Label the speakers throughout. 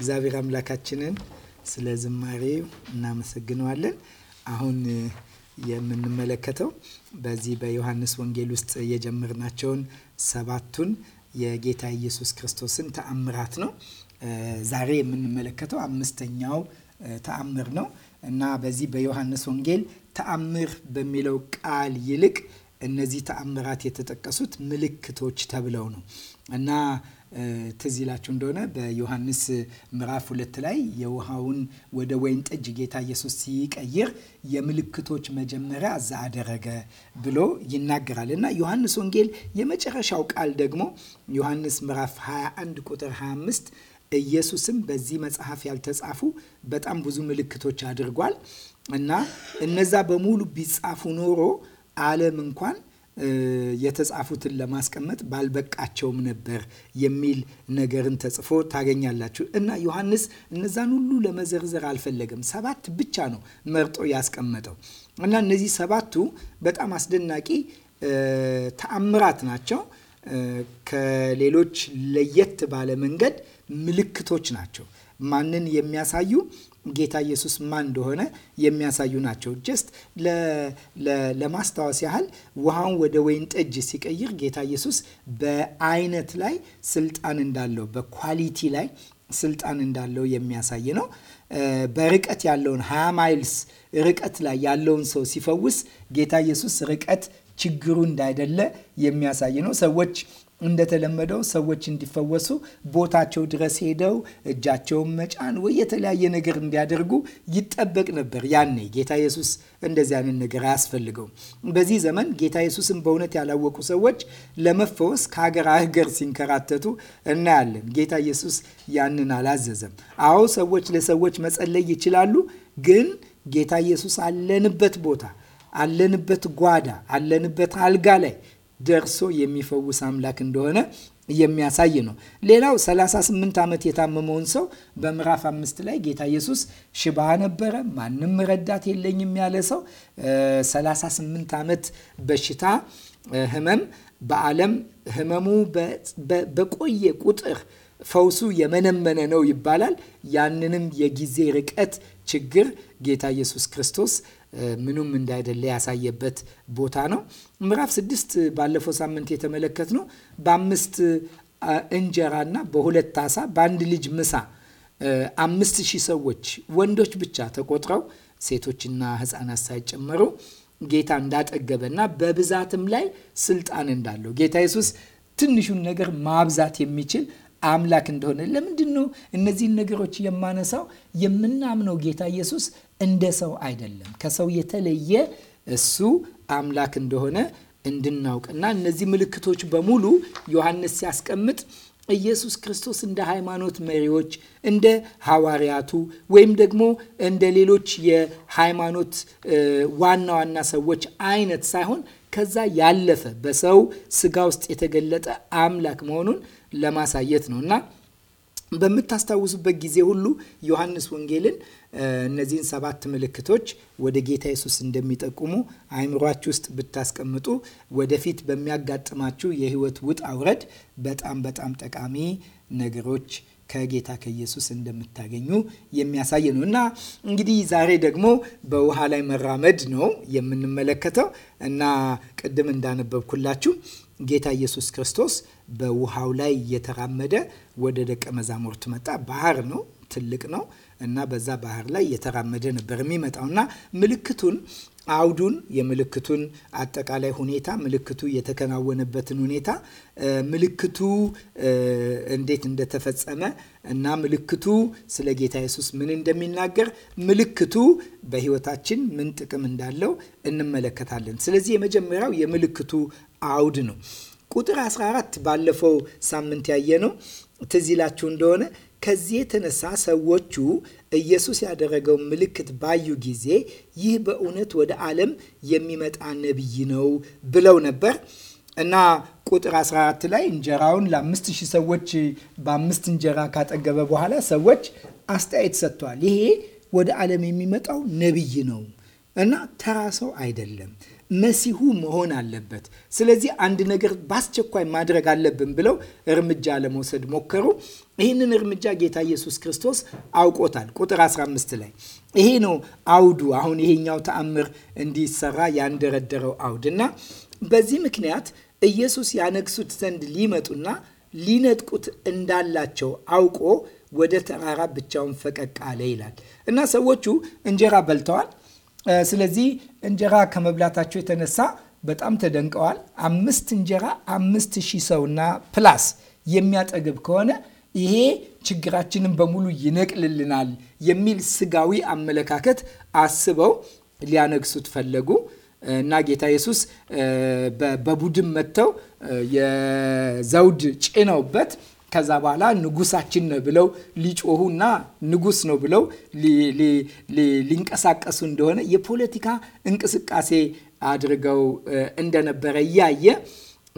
Speaker 1: እግዚአብሔር አምላካችንን ስለ ዝማሬው እናመሰግነዋለን። አሁን የምንመለከተው በዚህ በዮሐንስ ወንጌል ውስጥ የጀመርናቸውን ሰባቱን የጌታ ኢየሱስ ክርስቶስን ተአምራት ነው። ዛሬ የምንመለከተው አምስተኛው ተአምር ነው እና በዚህ በዮሐንስ ወንጌል ተአምር በሚለው ቃል ይልቅ እነዚህ ተአምራት የተጠቀሱት ምልክቶች ተብለው ነው እና ትዝ ይላችሁ እንደሆነ በዮሐንስ ምዕራፍ ሁለት ላይ የውሃውን ወደ ወይን ጠጅ ጌታ ኢየሱስ ሲቀይር የምልክቶች መጀመሪያ እዛ አደረገ ብሎ ይናገራል እና ዮሐንስ ወንጌል የመጨረሻው ቃል ደግሞ ዮሐንስ ምዕራፍ 21 ቁጥር 25 ኢየሱስም በዚህ መጽሐፍ ያልተጻፉ በጣም ብዙ ምልክቶች አድርጓል እና እነዛ በሙሉ ቢጻፉ ኖሮ ዓለም እንኳን የተጻፉትን ለማስቀመጥ ባልበቃቸውም ነበር የሚል ነገርን ተጽፎ ታገኛላችሁ። እና ዮሐንስ እነዛን ሁሉ ለመዘርዘር አልፈለገም። ሰባት ብቻ ነው መርጦ ያስቀመጠው። እና እነዚህ ሰባቱ በጣም አስደናቂ ተአምራት ናቸው። ከሌሎች ለየት ባለ መንገድ ምልክቶች ናቸው። ማንን የሚያሳዩ ጌታ ኢየሱስ ማን እንደሆነ የሚያሳዩ ናቸው። ጀስት ለማስታወስ ያህል ውሃውን ወደ ወይን ጠጅ ሲቀይር ጌታ ኢየሱስ በአይነት ላይ ስልጣን እንዳለው፣ በኳሊቲ ላይ ስልጣን እንዳለው የሚያሳይ ነው። በርቀት ያለውን 20 ማይልስ ርቀት ላይ ያለውን ሰው ሲፈውስ ጌታ ኢየሱስ ርቀት ችግሩ እንዳይደለ የሚያሳይ ነው። ሰዎች እንደተለመደው ሰዎች እንዲፈወሱ ቦታቸው ድረስ ሄደው እጃቸውን መጫን ወይ የተለያየ ነገር እንዲያደርጉ ይጠበቅ ነበር። ያኔ ጌታ ኢየሱስ እንደዚህ አይነት ነገር አያስፈልገውም። በዚህ ዘመን ጌታ ኢየሱስን በእውነት ያላወቁ ሰዎች ለመፈወስ ከሀገር ሀገር ሲንከራተቱ እናያለን። ጌታ ኢየሱስ ያንን አላዘዘም። አዎ ሰዎች ለሰዎች መጸለይ ይችላሉ፣ ግን ጌታ ኢየሱስ አለንበት ቦታ አለንበት ጓዳ አለንበት አልጋ ላይ ደርሶ የሚፈውስ አምላክ እንደሆነ የሚያሳይ ነው። ሌላው 38 ዓመት የታመመውን ሰው በምዕራፍ አምስት ላይ ጌታ ኢየሱስ ሽባ ነበረ፣ ማንም ረዳት የለኝም ያለ ሰው 38 ዓመት በሽታ ህመም በዓለም ህመሙ በቆየ ቁጥር ፈውሱ የመነመነ ነው ይባላል። ያንንም የጊዜ ርቀት ችግር ጌታ ኢየሱስ ክርስቶስ ምኑም እንዳይደለ ያሳየበት ቦታ ነው። ምዕራፍ ስድስት ባለፈው ሳምንት የተመለከት ነው። በአምስት እንጀራና በሁለት አሳ በአንድ ልጅ ምሳ አምስት ሺህ ሰዎች ወንዶች ብቻ ተቆጥረው ሴቶችና ሕፃናት ሳይጨመሩ ጌታ እንዳጠገበና በብዛትም ላይ ስልጣን እንዳለው ጌታ ኢየሱስ ትንሹን ነገር ማብዛት የሚችል አምላክ እንደሆነ። ለምንድን ነው እነዚህን ነገሮች የማነሳው? የምናምነው ጌታ ኢየሱስ እንደ ሰው አይደለም፣ ከሰው የተለየ እሱ አምላክ እንደሆነ እንድናውቅ እና እነዚህ ምልክቶች በሙሉ ዮሐንስ ሲያስቀምጥ ኢየሱስ ክርስቶስ እንደ ሃይማኖት መሪዎች፣ እንደ ሐዋርያቱ ወይም ደግሞ እንደ ሌሎች የሃይማኖት ዋና ዋና ሰዎች አይነት ሳይሆን ከዛ ያለፈ በሰው ስጋ ውስጥ የተገለጠ አምላክ መሆኑን ለማሳየት ነው እና በምታስታውሱበት ጊዜ ሁሉ ዮሐንስ ወንጌልን እነዚህን ሰባት ምልክቶች ወደ ጌታ የሱስ እንደሚጠቁሙ አይምሯችሁ ውስጥ ብታስቀምጡ ወደፊት በሚያጋጥማችሁ የህይወት ውጣ ውረድ በጣም በጣም ጠቃሚ ነገሮች ከጌታ ከኢየሱስ እንደምታገኙ የሚያሳይ ነው እና እንግዲህ ዛሬ ደግሞ በውሃ ላይ መራመድ ነው የምንመለከተው እና ቅድም እንዳነበብኩላችሁ ጌታ ኢየሱስ ክርስቶስ በውሃው ላይ እየተራመደ ወደ ደቀ መዛሙርት መጣ። ባህር ነው፣ ትልቅ ነው እና በዛ ባህር ላይ እየተራመደ ነበር የሚመጣው እና ምልክቱን አውዱን የምልክቱን አጠቃላይ ሁኔታ ምልክቱ የተከናወነበትን ሁኔታ ምልክቱ እንዴት እንደተፈጸመ እና ምልክቱ ስለ ጌታ ኢየሱስ ምን እንደሚናገር ምልክቱ በሕይወታችን ምን ጥቅም እንዳለው እንመለከታለን። ስለዚህ የመጀመሪያው የምልክቱ አውድ ነው። ቁጥር 14 ባለፈው ሳምንት ያየ ነው ትዝ ይላችሁ እንደሆነ ከዚህ የተነሳ ሰዎቹ ኢየሱስ ያደረገው ምልክት ባዩ ጊዜ ይህ በእውነት ወደ ዓለም የሚመጣ ነቢይ ነው ብለው ነበር እና ቁጥር 14 ላይ እንጀራውን ለአምስት ሺህ ሰዎች በአምስት እንጀራ ካጠገበ በኋላ ሰዎች አስተያየት ሰጥተዋል። ይሄ ወደ ዓለም የሚመጣው ነቢይ ነው እና ተራ ሰው አይደለም መሲሁ መሆን አለበት። ስለዚህ አንድ ነገር በአስቸኳይ ማድረግ አለብን ብለው እርምጃ ለመውሰድ ሞከሩ። ይህንን እርምጃ ጌታ ኢየሱስ ክርስቶስ አውቆታል። ቁጥር 15 ላይ ይሄ ነው አውዱ። አሁን ይሄኛው ተአምር እንዲሰራ ያንደረደረው አውድ እና በዚህ ምክንያት ኢየሱስ ያነግሱት ዘንድ ሊመጡና ሊነጥቁት እንዳላቸው አውቆ ወደ ተራራ ብቻውን ፈቀቅ አለ ይላል እና ሰዎቹ እንጀራ በልተዋል ስለዚህ እንጀራ ከመብላታቸው የተነሳ በጣም ተደንቀዋል። አምስት እንጀራ አምስት ሺህ ሰውና ፕላስ የሚያጠግብ ከሆነ ይሄ ችግራችንን በሙሉ ይነቅልልናል የሚል ስጋዊ አመለካከት አስበው ሊያነግሱት ፈለጉ እና ጌታ ኢየሱስ በቡድን መጥተው የዘውድ ጭነውበት ከዛ በኋላ ንጉሳችን ነው ብለው ሊጮሁና ንጉስ ነው ብለው ሊንቀሳቀሱ እንደሆነ የፖለቲካ እንቅስቃሴ አድርገው እንደነበረ እያየ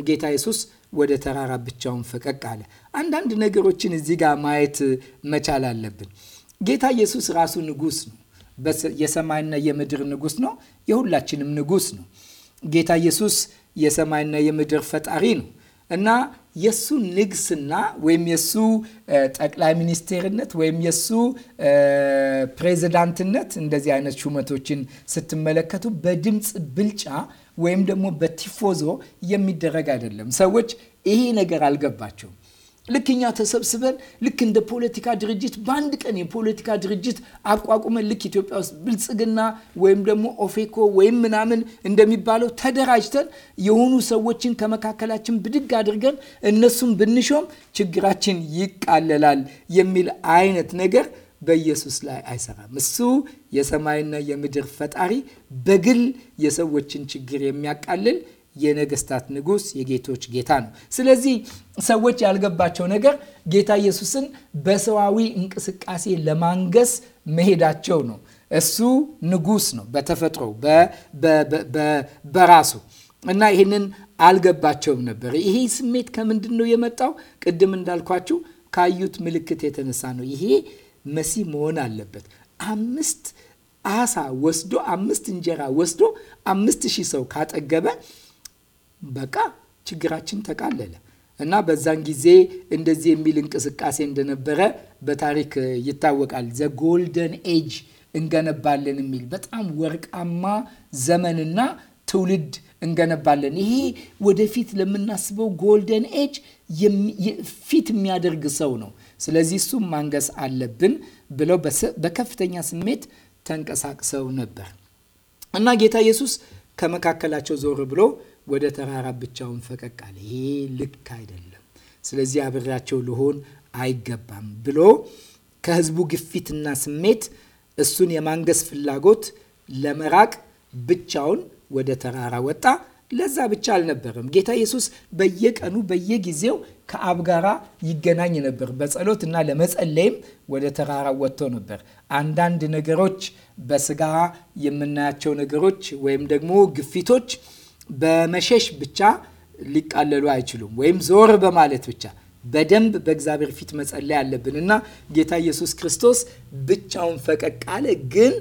Speaker 1: ጌታ ኢየሱስ ወደ ተራራ ብቻውን ፈቀቅ አለ። አንዳንድ ነገሮችን እዚህ ጋር ማየት መቻል አለብን። ጌታ ኢየሱስ ራሱ ንጉስ ነው። የሰማይና የምድር ንጉስ ነው። የሁላችንም ንጉስ ነው። ጌታ ኢየሱስ የሰማይና የምድር ፈጣሪ ነው እና የሱ ንግስና ወይም የሱ ጠቅላይ ሚኒስቴርነት ወይም የሱ ፕሬዚዳንትነት እንደዚህ አይነት ሹመቶችን ስትመለከቱ በድምፅ ብልጫ ወይም ደግሞ በቲፎዞ የሚደረግ አይደለም። ሰዎች ይሄ ነገር አልገባቸውም። ልክኛ ተሰብስበን ልክ እንደ ፖለቲካ ድርጅት በአንድ ቀን የፖለቲካ ድርጅት አቋቁመን ልክ ኢትዮጵያ ውስጥ ብልጽግና ወይም ደግሞ ኦፌኮ ወይም ምናምን እንደሚባለው ተደራጅተን የሆኑ ሰዎችን ከመካከላችን ብድግ አድርገን እነሱም ብንሾም ችግራችን ይቃለላል የሚል አይነት ነገር በኢየሱስ ላይ አይሰራም። እሱ የሰማይና የምድር ፈጣሪ በግል የሰዎችን ችግር የሚያቃልል የነገስታት ንጉስ የጌቶች ጌታ ነው። ስለዚህ ሰዎች ያልገባቸው ነገር ጌታ ኢየሱስን በሰዋዊ እንቅስቃሴ ለማንገስ መሄዳቸው ነው። እሱ ንጉስ ነው በተፈጥሮ በራሱ እና ይህንን አልገባቸውም ነበር። ይሄ ስሜት ከምንድን ነው የመጣው? ቅድም እንዳልኳችሁ ካዩት ምልክት የተነሳ ነው። ይሄ መሲህ መሆን አለበት። አምስት አሳ ወስዶ አምስት እንጀራ ወስዶ አምስት ሺህ ሰው ካጠገበ በቃ ችግራችን ተቃለለ እና በዛን ጊዜ እንደዚህ የሚል እንቅስቃሴ እንደነበረ በታሪክ ይታወቃል። ዘ ጎልደን ኤጅ እንገነባለን የሚል በጣም ወርቃማ ዘመንና ትውልድ እንገነባለን። ይሄ ወደፊት ለምናስበው ጎልደን ኤጅ ፊት የሚያደርግ ሰው ነው። ስለዚህ እሱም ማንገስ አለብን ብለው በከፍተኛ ስሜት ተንቀሳቅሰው ነበር እና ጌታ ኢየሱስ ከመካከላቸው ዞር ብሎ ወደ ተራራ ብቻውን ፈቀቅ አለ። ይሄ ልክ አይደለም፣ ስለዚህ አብሬያቸው ልሆን አይገባም ብሎ ከህዝቡ ግፊትና ስሜት እሱን የማንገስ ፍላጎት ለመራቅ ብቻውን ወደ ተራራ ወጣ። ለዛ ብቻ አልነበረም። ጌታ ኢየሱስ በየቀኑ በየጊዜው ከአብ ጋራ ይገናኝ ነበር። በጸሎት እና ለመጸለይም ወደ ተራራ ወጥቶ ነበር። አንዳንድ ነገሮች በስጋ የምናያቸው ነገሮች ወይም ደግሞ ግፊቶች በመሸሽ ብቻ ሊቃለሉ አይችሉም፣ ወይም ዞር በማለት ብቻ በደንብ በእግዚአብሔር ፊት መጸለይ አለብን እና ጌታ ኢየሱስ ክርስቶስ ብቻውን ፈቀቅ አለ። ግን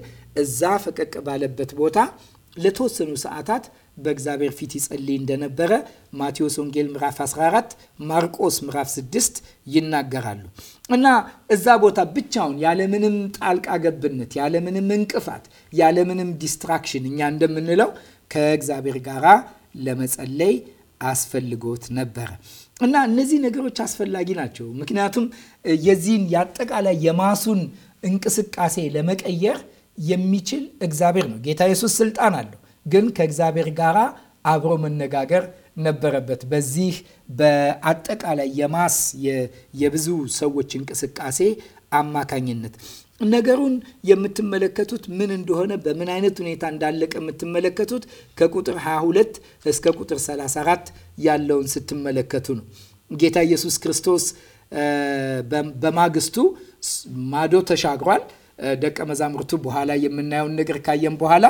Speaker 1: እዛ ፈቀቅ ባለበት ቦታ ለተወሰኑ ሰዓታት በእግዚአብሔር ፊት ይጸልይ እንደነበረ ማቴዎስ ወንጌል ምዕራፍ 14፣ ማርቆስ ምዕራፍ 6 ይናገራሉ። እና እዛ ቦታ ብቻውን ያለምንም ጣልቃ ገብነት፣ ያለምንም እንቅፋት፣ ያለምንም ዲስትራክሽን እኛ እንደምንለው ከእግዚአብሔር ጋራ ለመጸለይ አስፈልጎት ነበረ እና እነዚህ ነገሮች አስፈላጊ ናቸው። ምክንያቱም የዚህን የአጠቃላይ የማሱን እንቅስቃሴ ለመቀየር የሚችል እግዚአብሔር ነው። ጌታ ኢየሱስ ስልጣን አለው፣ ግን ከእግዚአብሔር ጋራ አብሮ መነጋገር ነበረበት። በዚህ በአጠቃላይ የማስ የብዙ ሰዎች እንቅስቃሴ አማካኝነት ነገሩን የምትመለከቱት ምን እንደሆነ በምን አይነት ሁኔታ እንዳለቀ የምትመለከቱት ከቁጥር 22 እስከ ቁጥር 34 ያለውን ስትመለከቱ ነው። ጌታ ኢየሱስ ክርስቶስ በማግስቱ ማዶ ተሻግሯል። ደቀ መዛሙርቱ በኋላ የምናየውን ነገር ካየን በኋላ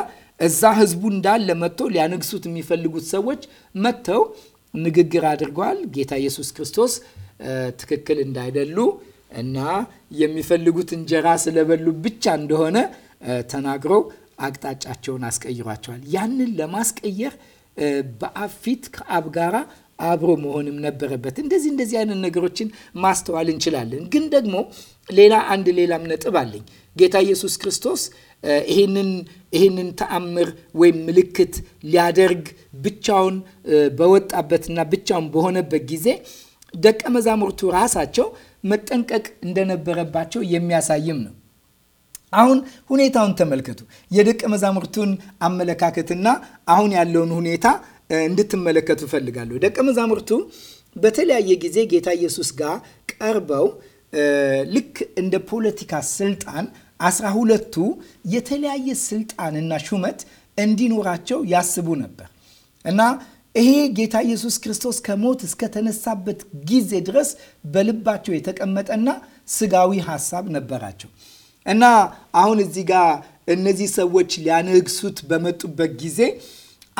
Speaker 1: እዛ ህዝቡ እንዳለ መጥቶ ሊያነግሱት የሚፈልጉት ሰዎች መጥተው ንግግር አድርገዋል። ጌታ ኢየሱስ ክርስቶስ ትክክል እንዳይደሉ እና የሚፈልጉት እንጀራ ስለበሉ ብቻ እንደሆነ ተናግረው አቅጣጫቸውን አስቀይሯቸዋል። ያንን ለማስቀየር በአብ ፊት ከአብ ጋራ አብሮ መሆንም ነበረበት። እንደዚህ እንደዚህ አይነት ነገሮችን ማስተዋል እንችላለን። ግን ደግሞ ሌላ አንድ ሌላም ነጥብ አለኝ። ጌታ ኢየሱስ ክርስቶስ ይህንን ተአምር ወይም ምልክት ሊያደርግ ብቻውን በወጣበትና ብቻውን በሆነበት ጊዜ ደቀ መዛሙርቱ ራሳቸው መጠንቀቅ እንደነበረባቸው የሚያሳይም ነው። አሁን ሁኔታውን ተመልከቱ። የደቀ መዛሙርቱን አመለካከትና አሁን ያለውን ሁኔታ እንድትመለከቱ እፈልጋለሁ። ደቀ መዛሙርቱ በተለያየ ጊዜ ጌታ ኢየሱስ ጋር ቀርበው ልክ እንደ ፖለቲካ ስልጣን አስራ ሁለቱ የተለያየ ስልጣንና ሹመት እንዲኖራቸው ያስቡ ነበር እና ይሄ ጌታ ኢየሱስ ክርስቶስ ከሞት እስከተነሳበት ጊዜ ድረስ በልባቸው የተቀመጠና ስጋዊ ሀሳብ ነበራቸው እና አሁን እዚህ ጋር እነዚህ ሰዎች ሊያነግሱት በመጡበት ጊዜ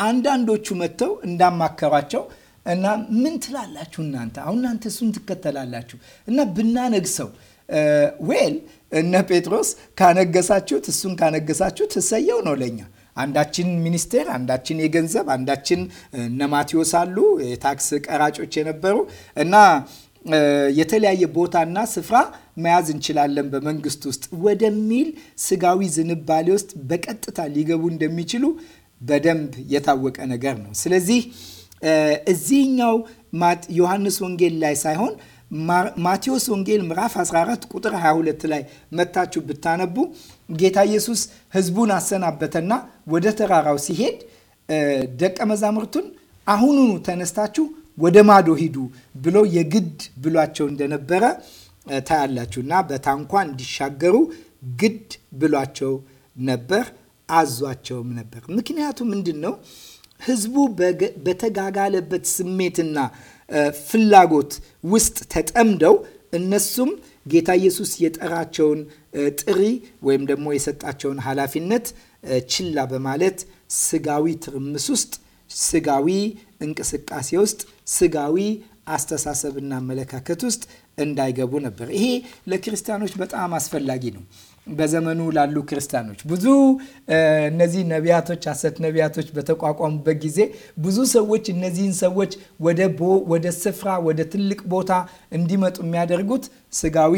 Speaker 1: አንዳንዶቹ መጥተው እንዳማከሯቸው እና ምን ትላላችሁ እናንተ አሁን እናንተ እሱን ትከተላላችሁ እና ብናነግሰው ዌል እነ ጴጥሮስ ካነገሳችሁት እሱን ካነገሳችሁት እሰየው ነው ለኛ አንዳችን ሚኒስቴር፣ አንዳችን የገንዘብ፣ አንዳችን ነማቴዎስ አሉ የታክስ ቀራጮች የነበሩ እና የተለያየ ቦታና ስፍራ መያዝ እንችላለን በመንግስት ውስጥ ወደሚል ስጋዊ ዝንባሌ ውስጥ በቀጥታ ሊገቡ እንደሚችሉ በደንብ የታወቀ ነገር ነው። ስለዚህ እዚህኛው ዮሐንስ ወንጌል ላይ ሳይሆን ማቴዎስ ወንጌል ምዕራፍ 14 ቁጥር 22 ላይ መታችሁ ብታነቡ ጌታ ኢየሱስ ህዝቡን አሰናበተና ወደ ተራራው ሲሄድ ደቀ መዛሙርቱን አሁኑኑ ተነስታችሁ ወደ ማዶ ሂዱ ብሎ የግድ ብሏቸው እንደነበረ ታያላችሁ እና በታንኳ እንዲሻገሩ ግድ ብሏቸው ነበር፣ አዟቸውም ነበር። ምክንያቱ ምንድን ነው? ህዝቡ በተጋጋለበት ስሜትና ፍላጎት ውስጥ ተጠምደው እነሱም ጌታ ኢየሱስ የጠራቸውን ጥሪ ወይም ደግሞ የሰጣቸውን ኃላፊነት ችላ በማለት ስጋዊ ትርምስ ውስጥ፣ ስጋዊ እንቅስቃሴ ውስጥ፣ ስጋዊ አስተሳሰብና አመለካከት ውስጥ እንዳይገቡ ነበር። ይሄ ለክርስቲያኖች በጣም አስፈላጊ ነው። በዘመኑ ላሉ ክርስቲያኖች ብዙ እነዚህ ነቢያቶች፣ ሐሰት ነቢያቶች በተቋቋሙበት ጊዜ ብዙ ሰዎች እነዚህን ሰዎች ወደ ቦ ወደ ስፍራ ወደ ትልቅ ቦታ እንዲመጡ የሚያደርጉት ስጋዊ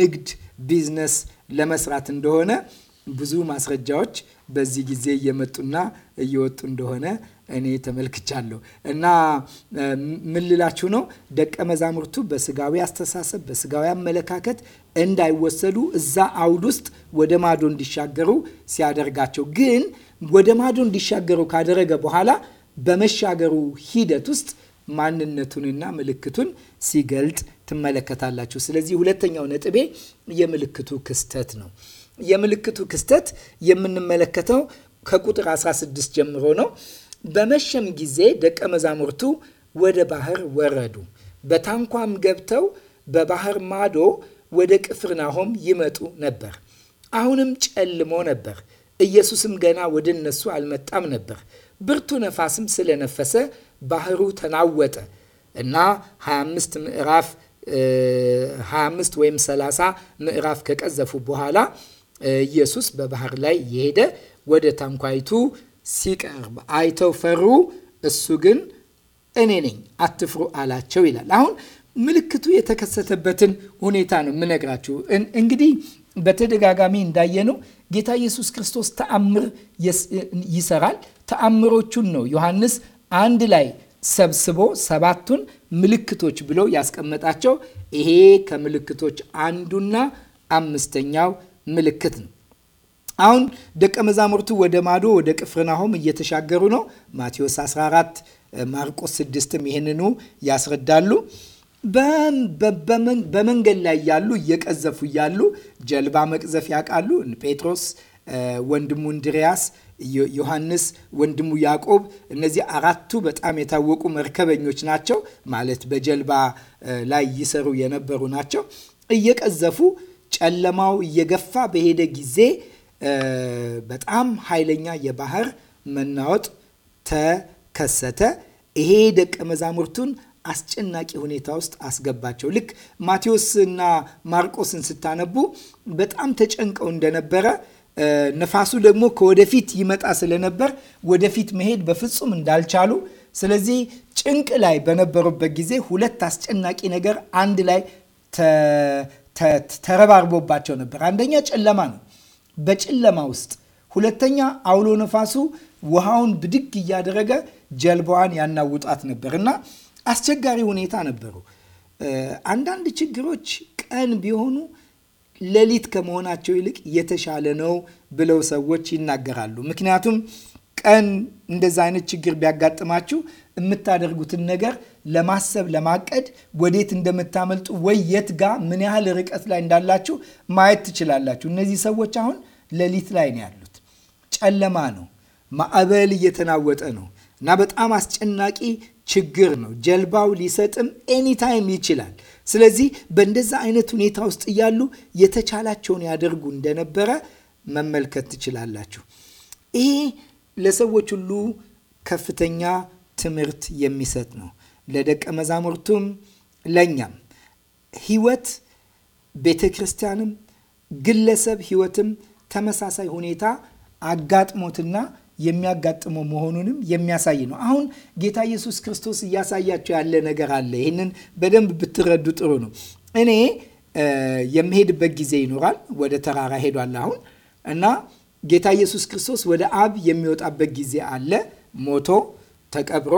Speaker 1: ንግድ ቢዝነስ ለመስራት እንደሆነ ብዙ ማስረጃዎች በዚህ ጊዜ እየመጡና እየወጡ እንደሆነ እኔ ተመልክቻለሁ። እና ምን ልላችሁ ነው? ደቀ መዛሙርቱ በስጋዊ አስተሳሰብ፣ በስጋዊ አመለካከት እንዳይወሰዱ እዛ አውድ ውስጥ ወደ ማዶ እንዲሻገሩ ሲያደርጋቸው፣ ግን ወደ ማዶ እንዲሻገሩ ካደረገ በኋላ በመሻገሩ ሂደት ውስጥ ማንነቱንና ምልክቱን ሲገልጥ ትመለከታላችሁ። ስለዚህ ሁለተኛው ነጥቤ የምልክቱ ክስተት ነው። የምልክቱ ክስተት የምንመለከተው ከቁጥር 16 ጀምሮ ነው። በመሸም ጊዜ ደቀ መዛሙርቱ ወደ ባህር ወረዱ። በታንኳም ገብተው በባህር ማዶ ወደ ቅፍርናሆም ይመጡ ነበር። አሁንም ጨልሞ ነበር። ኢየሱስም ገና ወደ እነሱ አልመጣም ነበር። ብርቱ ነፋስም ስለነፈሰ ባህሩ ተናወጠ እና 25 ምዕራፍ 25 ወይም 30 ምዕራፍ ከቀዘፉ በኋላ ኢየሱስ በባህር ላይ እየሄደ ወደ ታንኳይቱ ሲቀርብ አይተው ፈሩ። እሱ ግን እኔ ነኝ አትፍሩ አላቸው ይላል። አሁን ምልክቱ የተከሰተበትን ሁኔታ ነው የምነግራችሁ። እንግዲህ በተደጋጋሚ እንዳየነው ጌታ ኢየሱስ ክርስቶስ ተአምር ይሰራል። ተአምሮቹን ነው ዮሐንስ አንድ ላይ ሰብስቦ ሰባቱን ምልክቶች ብሎ ያስቀመጣቸው። ይሄ ከምልክቶች አንዱና አምስተኛው ምልክት ነው። አሁን ደቀ መዛሙርቱ ወደ ማዶ ወደ ቅፍርናሆም እየተሻገሩ ነው። ማቴዎስ 14 ማርቆስ 6 ይህንኑ ያስረዳሉ። በመንገድ ላይ ያሉ እየቀዘፉ ያሉ ጀልባ መቅዘፍ ያውቃሉ። ጴጥሮስ፣ ወንድሙ እንድሪያስ፣ ዮሐንስ፣ ወንድሙ ያዕቆብ እነዚህ አራቱ በጣም የታወቁ መርከበኞች ናቸው። ማለት በጀልባ ላይ ይሰሩ የነበሩ ናቸው። እየቀዘፉ ጨለማው እየገፋ በሄደ ጊዜ በጣም ኃይለኛ የባህር መናወጥ ተከሰተ። ይሄ ደቀ መዛሙርቱን አስጨናቂ ሁኔታ ውስጥ አስገባቸው። ልክ ማቴዎስ እና ማርቆስን ስታነቡ በጣም ተጨንቀው እንደነበረ ነፋሱ ደግሞ ከወደፊት ይመጣ ስለነበር ወደፊት መሄድ በፍጹም እንዳልቻሉ፣ ስለዚህ ጭንቅ ላይ በነበሩበት ጊዜ ሁለት አስጨናቂ ነገር አንድ ላይ ተረባርቦባቸው ነበር። አንደኛ ጨለማ ነው፣ በጨለማ ውስጥ ሁለተኛ አውሎ ነፋሱ ውሃውን ብድግ እያደረገ ጀልባዋን ያናውጣት ነበር እና አስቸጋሪ ሁኔታ ነበሩ። አንዳንድ ችግሮች ቀን ቢሆኑ ሌሊት ከመሆናቸው ይልቅ የተሻለ ነው ብለው ሰዎች ይናገራሉ። ምክንያቱም ቀን እንደዛ አይነት ችግር ቢያጋጥማችሁ የምታደርጉትን ነገር ለማሰብ ለማቀድ ወዴት እንደምታመልጡ ወይ የት ጋ ምን ያህል ርቀት ላይ እንዳላችሁ ማየት ትችላላችሁ። እነዚህ ሰዎች አሁን ሌሊት ላይ ነው ያሉት። ጨለማ ነው። ማዕበል እየተናወጠ ነው እና በጣም አስጨናቂ ችግር ነው። ጀልባው ሊሰጥም ኤኒታይም ይችላል። ስለዚህ በእንደዛ አይነት ሁኔታ ውስጥ እያሉ የተቻላቸውን ያደርጉ እንደነበረ መመልከት ትችላላችሁ። ይሄ ለሰዎች ሁሉ ከፍተኛ ትምህርት የሚሰጥ ነው። ለደቀ መዛሙርቱም ለእኛም ህይወት፣ ቤተ ክርስቲያንም ግለሰብ ህይወትም ተመሳሳይ ሁኔታ አጋጥሞትና የሚያጋጥመው መሆኑንም የሚያሳይ ነው። አሁን ጌታ ኢየሱስ ክርስቶስ እያሳያቸው ያለ ነገር አለ። ይህንን በደንብ ብትረዱ ጥሩ ነው። እኔ የምሄድበት ጊዜ ይኖራል። ወደ ተራራ ሄዷል አሁን እና ጌታ ኢየሱስ ክርስቶስ ወደ አብ የሚወጣበት ጊዜ አለ ሞቶ ተቀብሮ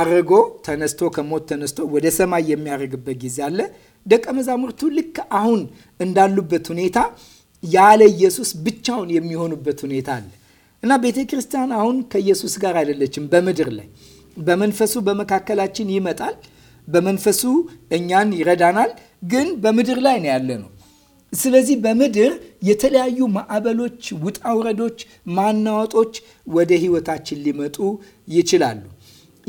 Speaker 1: አርጎ ተነስቶ ከሞት ተነስቶ ወደ ሰማይ የሚያደርግበት ጊዜ አለ። ደቀ መዛሙርቱ ልክ አሁን እንዳሉበት ሁኔታ ያለ ኢየሱስ ብቻውን የሚሆኑበት ሁኔታ አለ እና ቤተ ክርስቲያን አሁን ከኢየሱስ ጋር አይደለችም። በምድር ላይ በመንፈሱ በመካከላችን ይመጣል፣ በመንፈሱ እኛን ይረዳናል፣ ግን በምድር ላይ ነው ያለ ነው ስለዚህ በምድር የተለያዩ ማዕበሎች፣ ውጣውረዶች፣ ማናወጦች ወደ ህይወታችን ሊመጡ ይችላሉ።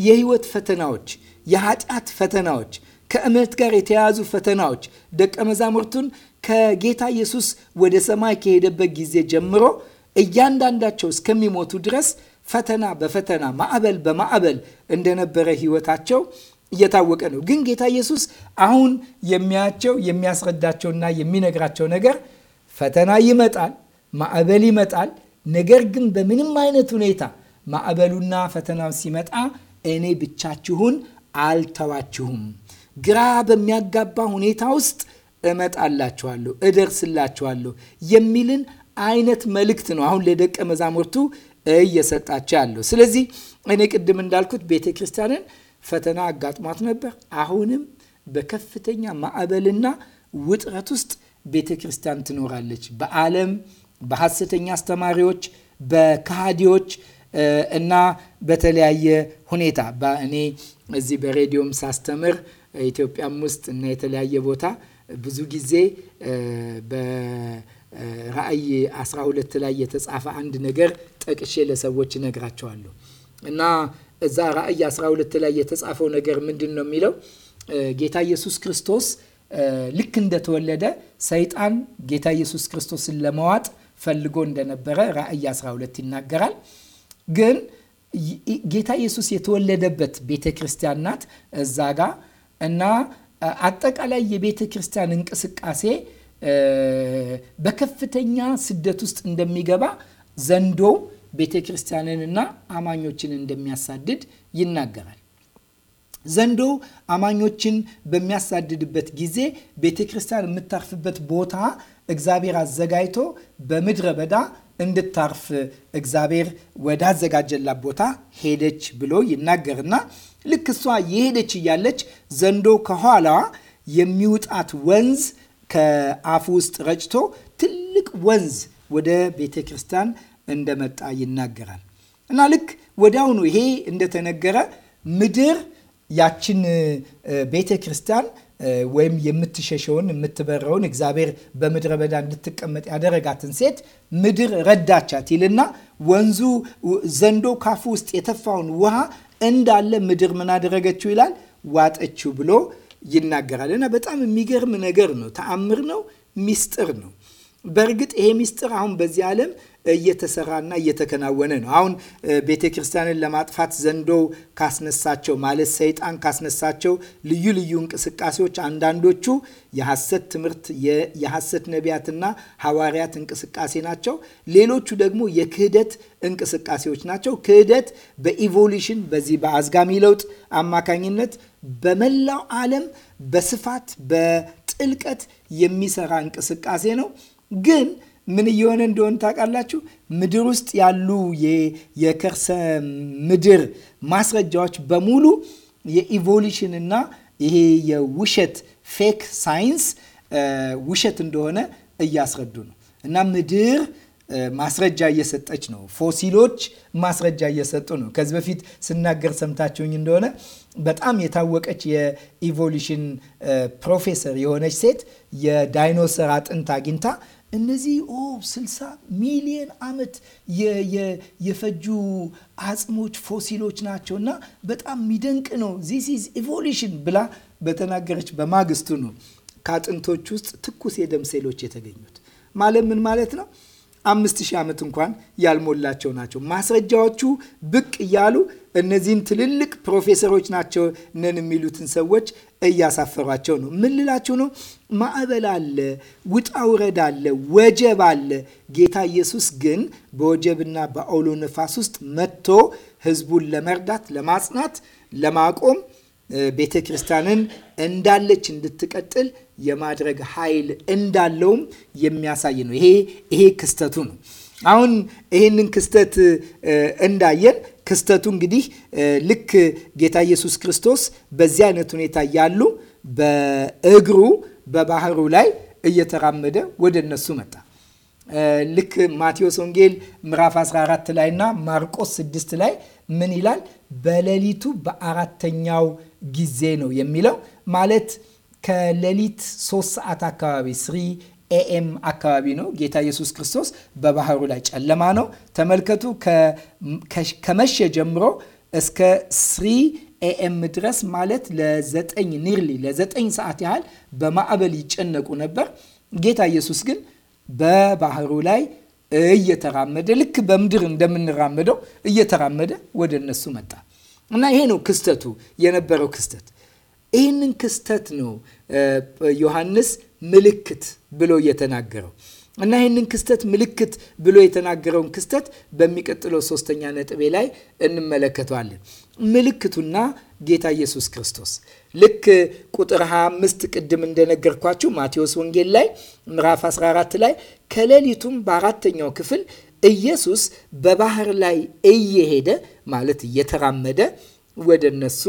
Speaker 1: የህይወት ፈተናዎች፣ የኃጢአት ፈተናዎች፣ ከእምነት ጋር የተያያዙ ፈተናዎች ደቀ መዛሙርቱን ከጌታ ኢየሱስ ወደ ሰማይ ከሄደበት ጊዜ ጀምሮ እያንዳንዳቸው እስከሚሞቱ ድረስ ፈተና በፈተና ማዕበል በማዕበል እንደነበረ ህይወታቸው እየታወቀ ነው። ግን ጌታ ኢየሱስ አሁን የሚያቸው የሚያስረዳቸውና የሚነግራቸው ነገር ፈተና ይመጣል፣ ማዕበል ይመጣል። ነገር ግን በምንም አይነት ሁኔታ ማዕበሉና ፈተናው ሲመጣ እኔ ብቻችሁን አልተዋችሁም፣ ግራ በሚያጋባ ሁኔታ ውስጥ እመጣላችኋለሁ፣ እደርስላችኋለሁ የሚልን አይነት መልእክት ነው አሁን ለደቀ መዛሙርቱ እየሰጣቸው ያለው። ስለዚህ እኔ ቅድም እንዳልኩት ቤተ ክርስቲያንን ፈተና አጋጥሟት ነበር። አሁንም በከፍተኛ ማዕበልና ውጥረት ውስጥ ቤተ ክርስቲያን ትኖራለች። በዓለም በሐሰተኛ አስተማሪዎች፣ በካሃዲዎች እና በተለያየ ሁኔታ እኔ እዚህ በሬዲዮም ሳስተምር ኢትዮጵያም ውስጥ እና የተለያየ ቦታ ብዙ ጊዜ በራእይ 12 ላይ የተጻፈ አንድ ነገር ጠቅሼ ለሰዎች እነግራቸዋለሁ እና እዛ ራእይ 12 ላይ የተጻፈው ነገር ምንድን ነው የሚለው ጌታ ኢየሱስ ክርስቶስ ልክ እንደተወለደ ሰይጣን ጌታ ኢየሱስ ክርስቶስን ለመዋጥ ፈልጎ እንደነበረ ራእይ 12 ይናገራል። ግን ጌታ ኢየሱስ የተወለደበት ቤተ ክርስቲያን ናት እዛ ጋ እና አጠቃላይ የቤተ ክርስቲያን እንቅስቃሴ በከፍተኛ ስደት ውስጥ እንደሚገባ ዘንዶው ቤተ ክርስቲያንንና አማኞችን እንደሚያሳድድ ይናገራል። ዘንዶ አማኞችን በሚያሳድድበት ጊዜ ቤተ ክርስቲያን የምታርፍበት ቦታ እግዚአብሔር አዘጋጅቶ በምድረ በዳ እንድታርፍ እግዚአብሔር ወዳዘጋጀላት ቦታ ሄደች ብሎ ይናገርና ልክ እሷ የሄደች እያለች ዘንዶ ከኋላዋ የሚውጣት ወንዝ ከአፉ ውስጥ ረጭቶ ትልቅ ወንዝ ወደ ቤተ ክርስቲያን እንደመጣ ይናገራል እና ልክ ወዲያውኑ ይሄ እንደተነገረ ምድር ያችን ቤተ ክርስቲያን ወይም የምትሸሸውን የምትበረውን እግዚአብሔር በምድረ በዳ እንድትቀመጥ ያደረጋትን ሴት ምድር ረዳቻት ይልና ወንዙ ዘንዶ ካፉ ውስጥ የተፋውን ውሃ እንዳለ ምድር ምን አደረገችው ይላል ዋጠችው ብሎ ይናገራል እና በጣም የሚገርም ነገር ነው። ተአምር ነው። ሚስጥር ነው። በእርግጥ ይሄ ሚስጥር አሁን በዚህ ዓለም እየተሰራና እየተከናወነ ነው። አሁን ቤተ ክርስቲያንን ለማጥፋት ዘንዶ ካስነሳቸው ማለት ሰይጣን ካስነሳቸው ልዩ ልዩ እንቅስቃሴዎች አንዳንዶቹ የሐሰት ትምህርት፣ የሐሰት ነቢያትና ሐዋርያት እንቅስቃሴ ናቸው። ሌሎቹ ደግሞ የክህደት እንቅስቃሴዎች ናቸው። ክህደት በኢቮሉሽን በዚህ በአዝጋሚ ለውጥ አማካኝነት በመላው ዓለም በስፋት በጥልቀት የሚሰራ እንቅስቃሴ ነው። ግን ምን እየሆነ እንደሆነ ታውቃላችሁ? ምድር ውስጥ ያሉ የከርሰ ምድር ማስረጃዎች በሙሉ እና ይሄ የውሸት ፌክ ሳይንስ ውሸት እንደሆነ እያስረዱ ነው። እና ምድር ማስረጃ እየሰጠች ነው። ፎሲሎች ማስረጃ እየሰጡ ነው። ከዚህ በፊት ስናገር ሰምታችሁኝ እንደሆነ በጣም የታወቀች የኢቮሉሽን ፕሮፌሰር የሆነች ሴት የዳይኖሰር አጥንት አግኝታ እነዚህ ኦ 60 ሚሊዮን ዓመት የፈጁ አጽሞች ፎሲሎች ናቸው እና በጣም የሚደንቅ ነው ዚስ ኢዝ ኢቮሉሽን ብላ በተናገረች በማግስቱ ነው ከአጥንቶች ውስጥ ትኩስ የደም ሴሎች የተገኙት። ማለት ምን ማለት ነው? አምስት ሺህ ዓመት እንኳን ያልሞላቸው ናቸው። ማስረጃዎቹ ብቅ እያሉ እነዚህን ትልልቅ ፕሮፌሰሮች ናቸው ነን የሚሉትን ሰዎች እያሳፈሯቸው ነው። ምን ልላችሁ ነው? ማዕበል አለ፣ ውጣ ውረድ አለ፣ ወጀብ አለ። ጌታ ኢየሱስ ግን በወጀብና በአውሎ ነፋስ ውስጥ መጥቶ ህዝቡን ለመርዳት፣ ለማጽናት፣ ለማቆም ቤተ ክርስቲያንን እንዳለች እንድትቀጥል የማድረግ ኃይል እንዳለውም የሚያሳይ ነው። ይሄ ክስተቱ ነው። አሁን ይህንን ክስተት እንዳየን ክስተቱ እንግዲህ ልክ ጌታ ኢየሱስ ክርስቶስ በዚህ አይነት ሁኔታ ያሉ በእግሩ በባህሩ ላይ እየተራመደ ወደ እነሱ መጣ። ልክ ማቴዎስ ወንጌል ምዕራፍ 14 ላይ እና ማርቆስ 6 ላይ ምን ይላል? በሌሊቱ በአራተኛው ጊዜ ነው የሚለው ማለት ከሌሊት ሶስት ሰዓት አካባቢ ስሪ ኤኤም አካባቢ ነው ጌታ ኢየሱስ ክርስቶስ በባህሩ ላይ ጨለማ ነው። ተመልከቱ ከመሸ ጀምሮ እስከ ስሪ ኤኤም ድረስ ማለት ለዘጠኝ ኒርሊ ለዘጠኝ ሰዓት ያህል በማዕበል ይጨነቁ ነበር። ጌታ ኢየሱስ ግን በባህሩ ላይ እየተራመደ ልክ በምድር እንደምንራመደው እየተራመደ ወደ እነሱ መጣ እና ይሄ ነው ክስተቱ የነበረው ክስተት። ይህንን ክስተት ነው ዮሐንስ ምልክት ብሎ የተናገረው እና ይህንን ክስተት ምልክት ብሎ የተናገረውን ክስተት በሚቀጥለው ሶስተኛ ነጥቤ ላይ እንመለከተዋለን። ምልክቱና ጌታ ኢየሱስ ክርስቶስ ልክ ቁጥር 25 ቅድም እንደነገርኳችሁ ማቴዎስ ወንጌል ላይ ምዕራፍ 14 ላይ ከሌሊቱም በአራተኛው ክፍል ኢየሱስ በባህር ላይ እየሄደ ማለት እየተራመደ ወደ እነሱ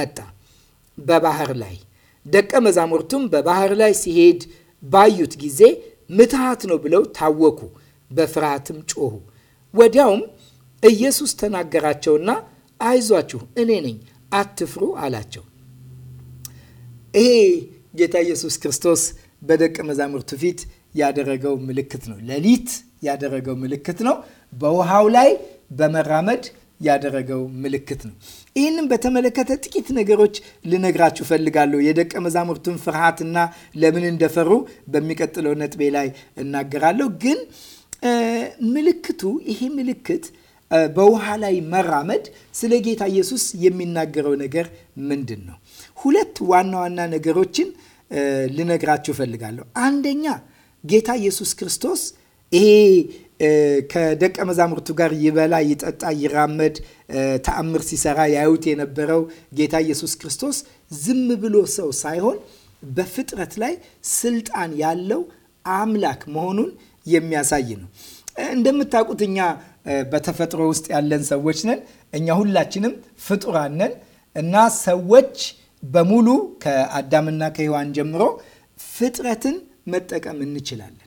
Speaker 1: መጣ። በባህር ላይ ደቀ መዛሙርቱም በባህር ላይ ሲሄድ ባዩት ጊዜ ምትሃት ነው ብለው ታወኩ፣ በፍርሃትም ጮሁ። ወዲያውም ኢየሱስ ተናገራቸውና አይዟችሁ እኔ ነኝ አትፍሩ አላቸው። ይሄ ጌታ ኢየሱስ ክርስቶስ በደቀ መዛሙርቱ ፊት ያደረገው ምልክት ነው። ሌሊት ያደረገው ምልክት ነው። በውሃው ላይ በመራመድ ያደረገው ምልክት ነው። ይህንም በተመለከተ ጥቂት ነገሮች ልነግራችሁ ፈልጋለሁ። የደቀ መዛሙርቱን ፍርሃትና ለምን እንደፈሩ በሚቀጥለው ነጥቤ ላይ እናገራለሁ። ግን ምልክቱ ይሄ ምልክት በውሃ ላይ መራመድ ስለ ጌታ ኢየሱስ የሚናገረው ነገር ምንድን ነው? ሁለት ዋና ዋና ነገሮችን ልነግራችሁ ፈልጋለሁ። አንደኛ ጌታ ኢየሱስ ክርስቶስ ይሄ ከደቀ መዛሙርቱ ጋር ይበላ፣ ይጠጣ፣ ይራመድ፣ ተአምር ሲሰራ ያዩት የነበረው ጌታ ኢየሱስ ክርስቶስ ዝም ብሎ ሰው ሳይሆን በፍጥረት ላይ ስልጣን ያለው አምላክ መሆኑን የሚያሳይ ነው። እንደምታውቁት እኛ በተፈጥሮ ውስጥ ያለን ሰዎች ነን። እኛ ሁላችንም ፍጡራን ነን እና ሰዎች በሙሉ ከአዳምና ከሔዋን ጀምሮ ፍጥረትን መጠቀም እንችላለን።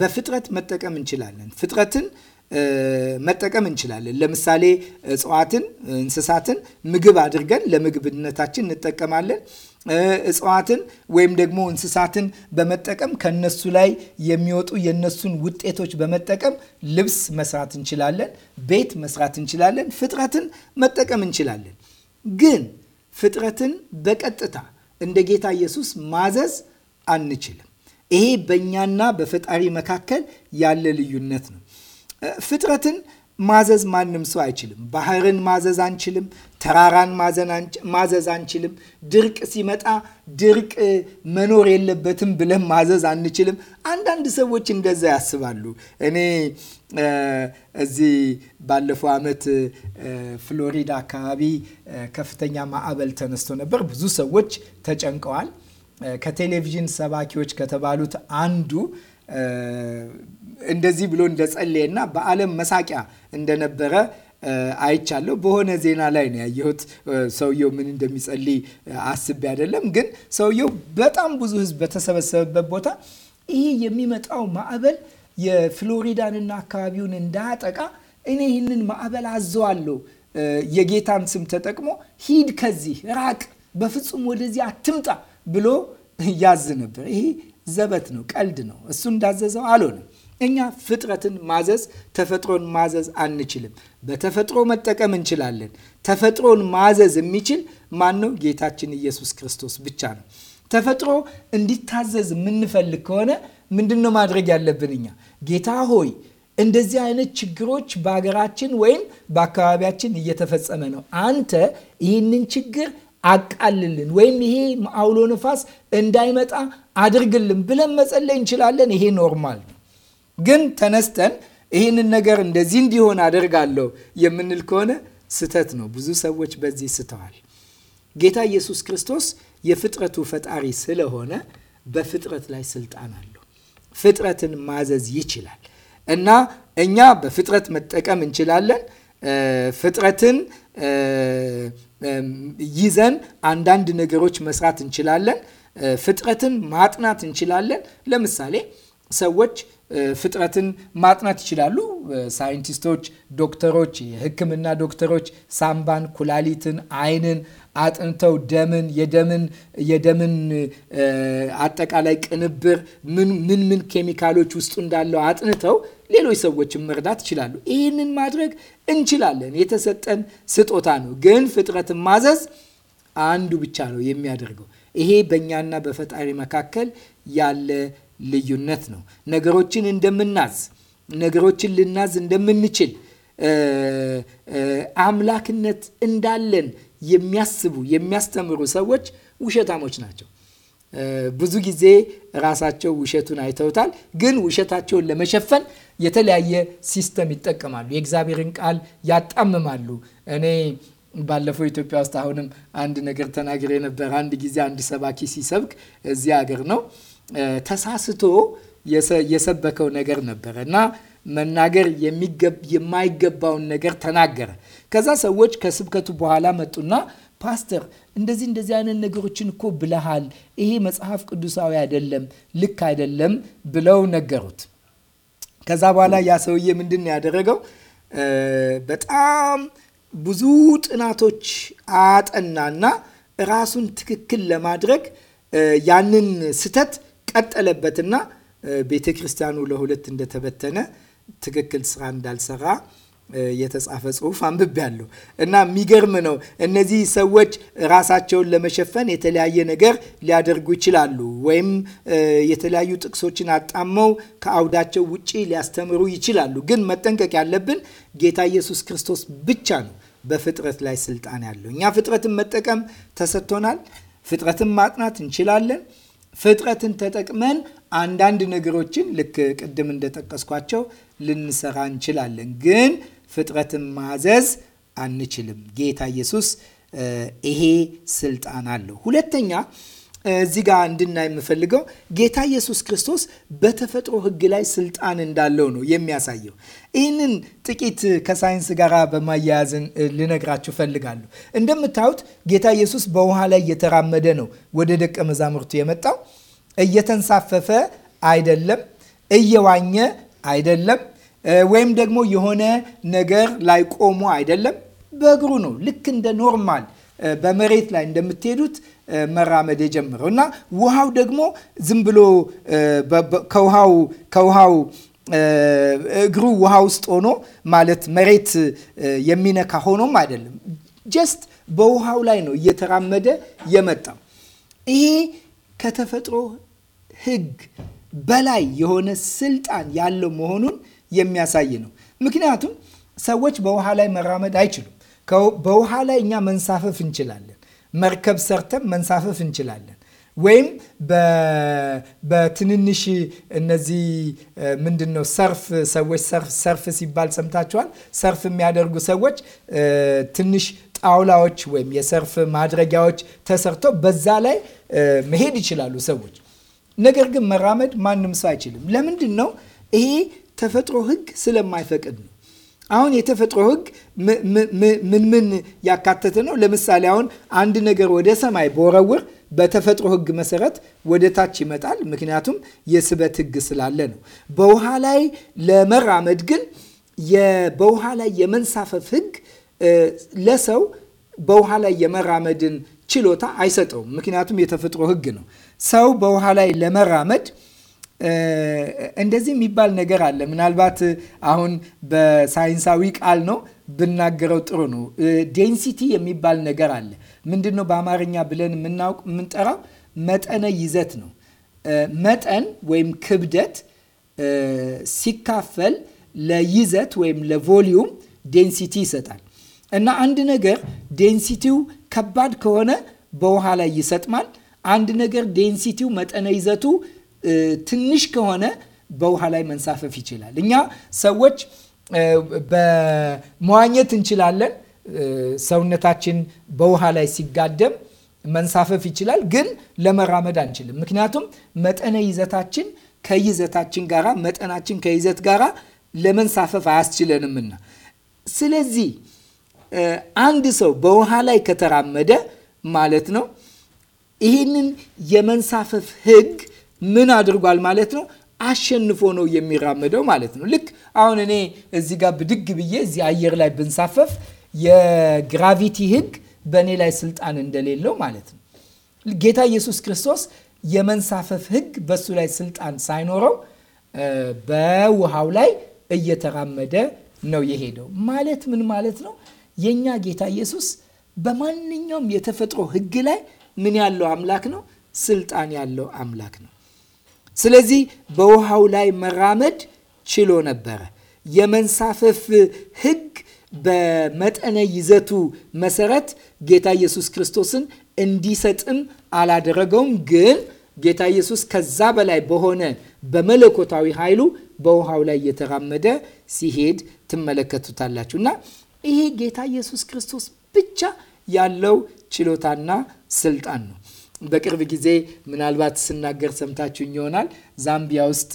Speaker 1: በፍጥረት መጠቀም እንችላለን። ፍጥረትን መጠቀም እንችላለን። ለምሳሌ እጽዋትን፣ እንስሳትን ምግብ አድርገን ለምግብነታችን እንጠቀማለን። እጽዋትን ወይም ደግሞ እንስሳትን በመጠቀም ከነሱ ላይ የሚወጡ የነሱን ውጤቶች በመጠቀም ልብስ መስራት እንችላለን። ቤት መስራት እንችላለን። ፍጥረትን መጠቀም እንችላለን። ግን ፍጥረትን በቀጥታ እንደ ጌታ ኢየሱስ ማዘዝ አንችልም። ይሄ በእኛና በፈጣሪ መካከል ያለ ልዩነት ነው። ፍጥረትን ማዘዝ ማንም ሰው አይችልም። ባህርን ማዘዝ አንችልም። ተራራን ማዘዝ አንችልም። ድርቅ ሲመጣ ድርቅ መኖር የለበትም ብለን ማዘዝ አንችልም። አንዳንድ ሰዎች እንደዛ ያስባሉ። እኔ እዚህ ባለፈው ዓመት ፍሎሪዳ አካባቢ ከፍተኛ ማዕበል ተነስቶ ነበር። ብዙ ሰዎች ተጨንቀዋል። ከቴሌቪዥን ሰባኪዎች ከተባሉት አንዱ እንደዚህ ብሎ እንደጸለየና በዓለም መሳቂያ እንደነበረ አይቻለሁ። በሆነ ዜና ላይ ነው ያየሁት። ሰውየው ምን እንደሚጸልይ አስቤ አይደለም፣ ግን ሰውየው በጣም ብዙ ሕዝብ በተሰበሰበበት ቦታ ይህ የሚመጣው ማዕበል የፍሎሪዳንና አካባቢውን እንዳያጠቃ እኔ ይህንን ማዕበል አዘዋለሁ፣ የጌታን ስም ተጠቅሞ ሂድ፣ ከዚህ ራቅ፣ በፍጹም ወደዚህ አትምጣ ብሎ ያዝ ነበር። ይሄ ዘበት ነው፣ ቀልድ ነው። እሱ እንዳዘዘው አልሆነም። እኛ ፍጥረትን ማዘዝ ተፈጥሮን ማዘዝ አንችልም። በተፈጥሮ መጠቀም እንችላለን። ተፈጥሮን ማዘዝ የሚችል ማን ነው? ጌታችን ኢየሱስ ክርስቶስ ብቻ ነው። ተፈጥሮ እንዲታዘዝ የምንፈልግ ከሆነ ምንድን ነው ማድረግ ያለብን? እኛ ጌታ ሆይ እንደዚህ አይነት ችግሮች በሀገራችን ወይም በአካባቢያችን እየተፈጸመ ነው። አንተ ይህንን ችግር አቃልልን ወይም ይሄ አውሎ ንፋስ እንዳይመጣ አድርግልን ብለን መጸለይ እንችላለን። ይሄ ኖርማል ነው። ግን ተነስተን ይህንን ነገር እንደዚህ እንዲሆን አደርጋለሁ የምንል ከሆነ ስህተት ነው። ብዙ ሰዎች በዚህ ስተዋል። ጌታ ኢየሱስ ክርስቶስ የፍጥረቱ ፈጣሪ ስለሆነ በፍጥረት ላይ ስልጣን አለው። ፍጥረትን ማዘዝ ይችላል እና እኛ በፍጥረት መጠቀም እንችላለን። ፍጥረትን ይዘን አንዳንድ ነገሮች መስራት እንችላለን። ፍጥረትን ማጥናት እንችላለን። ለምሳሌ ሰዎች ፍጥረትን ማጥናት ይችላሉ። ሳይንቲስቶች፣ ዶክተሮች፣ የሕክምና ዶክተሮች ሳምባን፣ ኩላሊትን፣ አይንን አጥንተው ደምን የደምን የደምን አጠቃላይ ቅንብር ምን ምን ኬሚካሎች ውስጡ እንዳለው አጥንተው ሌሎች ሰዎችን መርዳት ይችላሉ። ይህንን ማድረግ እንችላለን፣ የተሰጠን ስጦታ ነው። ግን ፍጥረትን ማዘዝ አንዱ ብቻ ነው የሚያደርገው። ይሄ በእኛና በፈጣሪ መካከል ያለ ልዩነት ነው። ነገሮችን እንደምናዝ ነገሮችን ልናዝ እንደምንችል አምላክነት እንዳለን የሚያስቡ የሚያስተምሩ ሰዎች ውሸታሞች ናቸው። ብዙ ጊዜ ራሳቸው ውሸቱን አይተውታል። ግን ውሸታቸውን ለመሸፈን የተለያየ ሲስተም ይጠቀማሉ። የእግዚአብሔርን ቃል ያጣምማሉ። እኔ ባለፈው ኢትዮጵያ ውስጥ አሁንም አንድ ነገር ተናግሬ ነበር። አንድ ጊዜ አንድ ሰባኪ ሲሰብክ እዚህ ሀገር ነው ተሳስቶ የሰበከው ነገር ነበር እና መናገር የማይገባውን ነገር ተናገረ። ከዛ ሰዎች ከስብከቱ በኋላ መጡና ፓስተር፣ እንደዚህ እንደዚህ አይነት ነገሮችን እኮ ብለሃል፣ ይሄ መጽሐፍ ቅዱሳዊ አይደለም፣ ልክ አይደለም ብለው ነገሩት። ከዛ በኋላ ያ ሰውዬ ምንድን ነው ያደረገው? በጣም ብዙ ጥናቶች አጠናና ራሱን ትክክል ለማድረግ ያንን ስህተት ቀጠለበትና ቤተ ክርስቲያኑ ለሁለት እንደተበተነ ትክክል ስራ እንዳልሰራ የተጻፈ ጽሁፍ አንብቤያለሁ እና የሚገርም ነው። እነዚህ ሰዎች ራሳቸውን ለመሸፈን የተለያየ ነገር ሊያደርጉ ይችላሉ፣ ወይም የተለያዩ ጥቅሶችን አጣመው ከአውዳቸው ውጪ ሊያስተምሩ ይችላሉ። ግን መጠንቀቅ ያለብን ጌታ ኢየሱስ ክርስቶስ ብቻ ነው በፍጥረት ላይ ስልጣን ያለው። እኛ ፍጥረትን መጠቀም ተሰጥቶናል። ፍጥረትን ማጥናት እንችላለን። ፍጥረትን ተጠቅመን አንዳንድ ነገሮችን ልክ ቅድም እንደጠቀስኳቸው ልንሰራ እንችላለን፣ ግን ፍጥረትን ማዘዝ አንችልም። ጌታ ኢየሱስ ይሄ ስልጣን አለው። ሁለተኛ እዚህ ጋር እንድናይ የምፈልገው ጌታ ኢየሱስ ክርስቶስ በተፈጥሮ ሕግ ላይ ስልጣን እንዳለው ነው የሚያሳየው። ይህንን ጥቂት ከሳይንስ ጋር በማያያዝን ልነግራችሁ ፈልጋለሁ። እንደምታዩት ጌታ ኢየሱስ በውሃ ላይ እየተራመደ ነው ወደ ደቀ መዛሙርቱ የመጣው። እየተንሳፈፈ አይደለም፣ እየዋኘ አይደለም፣ ወይም ደግሞ የሆነ ነገር ላይ ቆሞ አይደለም። በእግሩ ነው ልክ እንደ ኖርማል በመሬት ላይ እንደምትሄዱት መራመድ የጀመረው እና ውሃው ደግሞ ዝም ብሎ ከውሃው እግሩ ውሃ ውስጥ ሆኖ ማለት መሬት የሚነካ ሆኖም አይደለም። ጀስት በውሃው ላይ ነው እየተራመደ የመጣው። ይሄ ከተፈጥሮ ሕግ በላይ የሆነ ስልጣን ያለው መሆኑን የሚያሳይ ነው። ምክንያቱም ሰዎች በውሃ ላይ መራመድ አይችሉም። በውሃ ላይ እኛ መንሳፈፍ እንችላለን መርከብ ሰርተን መንሳፈፍ እንችላለን። ወይም በትንንሽ እነዚህ ምንድን ነው ሰርፍ ሰዎች ሰርፍ ሲባል ሰምታችኋል። ሰርፍ የሚያደርጉ ሰዎች ትንሽ ጣውላዎች ወይም የሰርፍ ማድረጊያዎች ተሰርተው በዛ ላይ መሄድ ይችላሉ ሰዎች። ነገር ግን መራመድ ማንም ሰው አይችልም። ለምንድን ነው? ይሄ ተፈጥሮ ሕግ ስለማይፈቅድ ነው። አሁን የተፈጥሮ ህግ ምን ምን ያካተተ ነው? ለምሳሌ አሁን አንድ ነገር ወደ ሰማይ በወረውር በተፈጥሮ ህግ መሰረት ወደ ታች ይመጣል። ምክንያቱም የስበት ህግ ስላለ ነው። በውሃ ላይ ለመራመድ ግን በውሃ ላይ የመንሳፈፍ ህግ ለሰው በውሃ ላይ የመራመድን ችሎታ አይሰጠውም። ምክንያቱም የተፈጥሮ ህግ ነው። ሰው በውሃ ላይ ለመራመድ እንደዚህ የሚባል ነገር አለ። ምናልባት አሁን በሳይንሳዊ ቃል ነው ብናገረው ጥሩ ነው። ዴንሲቲ የሚባል ነገር አለ። ምንድን ነው በአማርኛ ብለን የምናውቅ የምንጠራው መጠነ ይዘት ነው። መጠን ወይም ክብደት ሲካፈል ለይዘት ወይም ለቮሊዩም ዴንሲቲ ይሰጣል። እና አንድ ነገር ዴንሲቲው ከባድ ከሆነ በውሃ ላይ ይሰጥማል። አንድ ነገር ዴንሲቲው መጠነ ይዘቱ ትንሽ ከሆነ በውሃ ላይ መንሳፈፍ ይችላል። እኛ ሰዎች በመዋኘት እንችላለን። ሰውነታችን በውሃ ላይ ሲጋደም መንሳፈፍ ይችላል፣ ግን ለመራመድ አንችልም። ምክንያቱም መጠነ ይዘታችን ከይዘታችን ጋራ መጠናችን ከይዘት ጋራ ለመንሳፈፍ አያስችለንምና ስለዚህ አንድ ሰው በውሃ ላይ ከተራመደ ማለት ነው ይህንን የመንሳፈፍ ህግ ምን አድርጓል ማለት ነው? አሸንፎ ነው የሚራመደው ማለት ነው። ልክ አሁን እኔ እዚህ ጋር ብድግ ብዬ እዚህ አየር ላይ ብንሳፈፍ የግራቪቲ ህግ በእኔ ላይ ስልጣን እንደሌለው ማለት ነው። ጌታ ኢየሱስ ክርስቶስ የመንሳፈፍ ህግ በሱ ላይ ስልጣን ሳይኖረው በውሃው ላይ እየተራመደ ነው የሄደው። ማለት ምን ማለት ነው? የእኛ ጌታ ኢየሱስ በማንኛውም የተፈጥሮ ህግ ላይ ምን ያለው አምላክ ነው? ስልጣን ያለው አምላክ ነው። ስለዚህ በውሃው ላይ መራመድ ችሎ ነበረ። የመንሳፈፍ ሕግ በመጠነ ይዘቱ መሰረት ጌታ ኢየሱስ ክርስቶስን እንዲሰጥም አላደረገውም። ግን ጌታ ኢየሱስ ከዛ በላይ በሆነ በመለኮታዊ ኃይሉ በውሃው ላይ እየተራመደ ሲሄድ ትመለከቱታላችሁ እና ይሄ ጌታ ኢየሱስ ክርስቶስ ብቻ ያለው ችሎታና ስልጣን ነው። በቅርብ ጊዜ ምናልባት ስናገር ሰምታችሁኝ ይሆናል። ዛምቢያ ውስጥ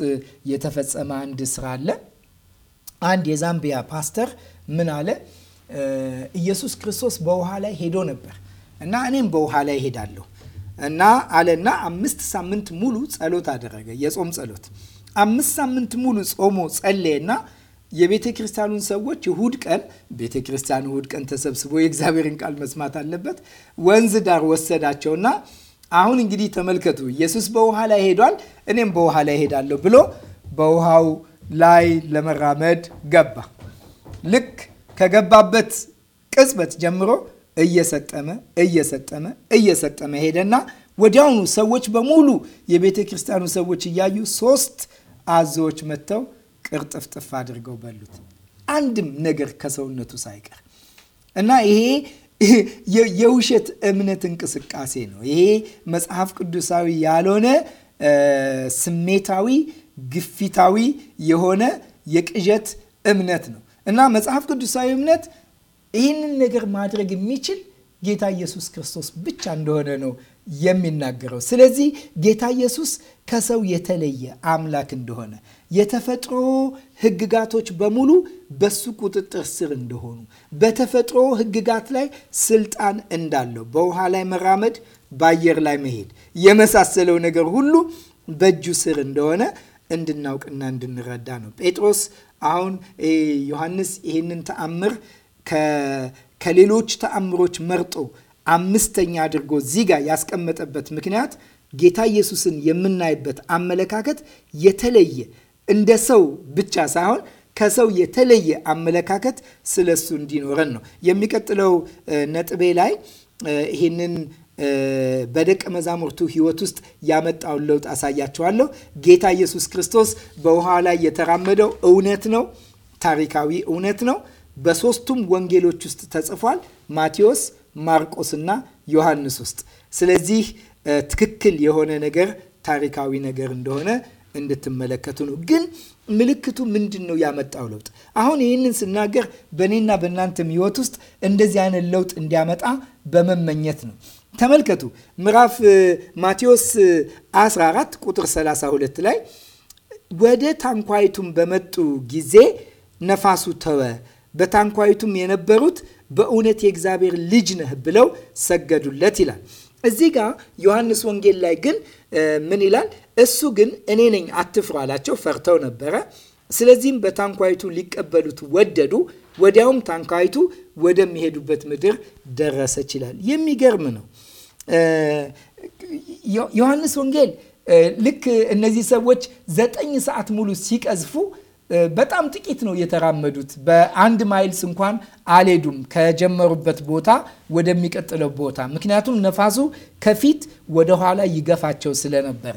Speaker 1: የተፈጸመ አንድ ስራ አለ። አንድ የዛምቢያ ፓስተር ምን አለ? ኢየሱስ ክርስቶስ በውሃ ላይ ሄዶ ነበር እና እኔም በውሃ ላይ ሄዳለሁ እና አለና አምስት ሳምንት ሙሉ ጸሎት አደረገ። የጾም ጸሎት አምስት ሳምንት ሙሉ ጾሞ ጸለየና የቤተ ክርስቲያኑን ሰዎች እሁድ ቀን ቤተ ክርስቲያን እሁድ ቀን ተሰብስቦ የእግዚአብሔርን ቃል መስማት አለበት። ወንዝ ዳር ወሰዳቸውና አሁን እንግዲህ ተመልከቱ ኢየሱስ በውሃ ላይ ሄዷል፣ እኔም በውሃ ላይ ሄዳለሁ ብሎ በውሃው ላይ ለመራመድ ገባ። ልክ ከገባበት ቅጽበት ጀምሮ እየሰጠመ እየሰጠመ እየሰጠመ ሄደና ወዲያውኑ ሰዎች በሙሉ የቤተ ክርስቲያኑ ሰዎች እያዩ ሶስት አዞዎች መጥተው ቅርጥፍጥፍ አድርገው በሉት፣ አንድም ነገር ከሰውነቱ ሳይቀር እና ይሄ የውሸት እምነት እንቅስቃሴ ነው። ይሄ መጽሐፍ ቅዱሳዊ ያልሆነ ስሜታዊ፣ ግፊታዊ የሆነ የቅዠት እምነት ነው እና መጽሐፍ ቅዱሳዊ እምነት ይህንን ነገር ማድረግ የሚችል ጌታ ኢየሱስ ክርስቶስ ብቻ እንደሆነ ነው የሚናገረው። ስለዚህ ጌታ ኢየሱስ ከሰው የተለየ አምላክ እንደሆነ የተፈጥሮ ህግጋቶች በሙሉ በሱ ቁጥጥር ስር እንደሆኑ በተፈጥሮ ህግጋት ላይ ስልጣን እንዳለው በውሃ ላይ መራመድ፣ በአየር ላይ መሄድ የመሳሰለው ነገር ሁሉ በእጁ ስር እንደሆነ እንድናውቅና እንድንረዳ ነው። ጴጥሮስ አሁን ዮሐንስ ይህንን ተአምር ከሌሎች ተአምሮች መርጦ አምስተኛ አድርጎ እዚህ ጋር ያስቀመጠበት ምክንያት ጌታ ኢየሱስን የምናይበት አመለካከት የተለየ እንደ ሰው ብቻ ሳይሆን ከሰው የተለየ አመለካከት ስለ እሱ እንዲኖረን ነው። የሚቀጥለው ነጥቤ ላይ ይህንን በደቀ መዛሙርቱ ሕይወት ውስጥ ያመጣውን ለውጥ አሳያቸዋለሁ። ጌታ ኢየሱስ ክርስቶስ በውሃ ላይ የተራመደው እውነት ነው፣ ታሪካዊ እውነት ነው። በሶስቱም ወንጌሎች ውስጥ ተጽፏል፣ ማቴዎስ፣ እና ዮሐንስ ውስጥ። ስለዚህ ትክክል የሆነ ነገር ታሪካዊ ነገር እንደሆነ እንድትመለከቱ ነው። ግን ምልክቱ ምንድን ነው ያመጣው ለውጥ? አሁን ይህንን ስናገር በእኔና በእናንተም ህይወት ውስጥ እንደዚህ አይነት ለውጥ እንዲያመጣ በመመኘት ነው። ተመልከቱ ምዕራፍ ማቴዎስ 14 ቁጥር 32 ላይ ወደ ታንኳይቱም በመጡ ጊዜ ነፋሱ ተወ፣ በታንኳይቱም የነበሩት በእውነት የእግዚአብሔር ልጅ ነህ ብለው ሰገዱለት ይላል። እዚህ ጋር ዮሐንስ ወንጌል ላይ ግን ምን ይላል? እሱ ግን እኔ ነኝ አትፍሩ አላቸው። ፈርተው ነበረ። ስለዚህም በታንኳይቱ ሊቀበሉት ወደዱ። ወዲያውም ታንኳይቱ ወደሚሄዱበት ምድር ደረሰች ይላል። የሚገርም ነው። ዮሐንስ ወንጌል ልክ እነዚህ ሰዎች ዘጠኝ ሰዓት ሙሉ ሲቀዝፉ በጣም ጥቂት ነው የተራመዱት። በአንድ ማይልስ እንኳን አልሄዱም ከጀመሩበት ቦታ ወደሚቀጥለው ቦታ፣ ምክንያቱም ነፋሱ ከፊት ወደኋላ ይገፋቸው ስለነበረ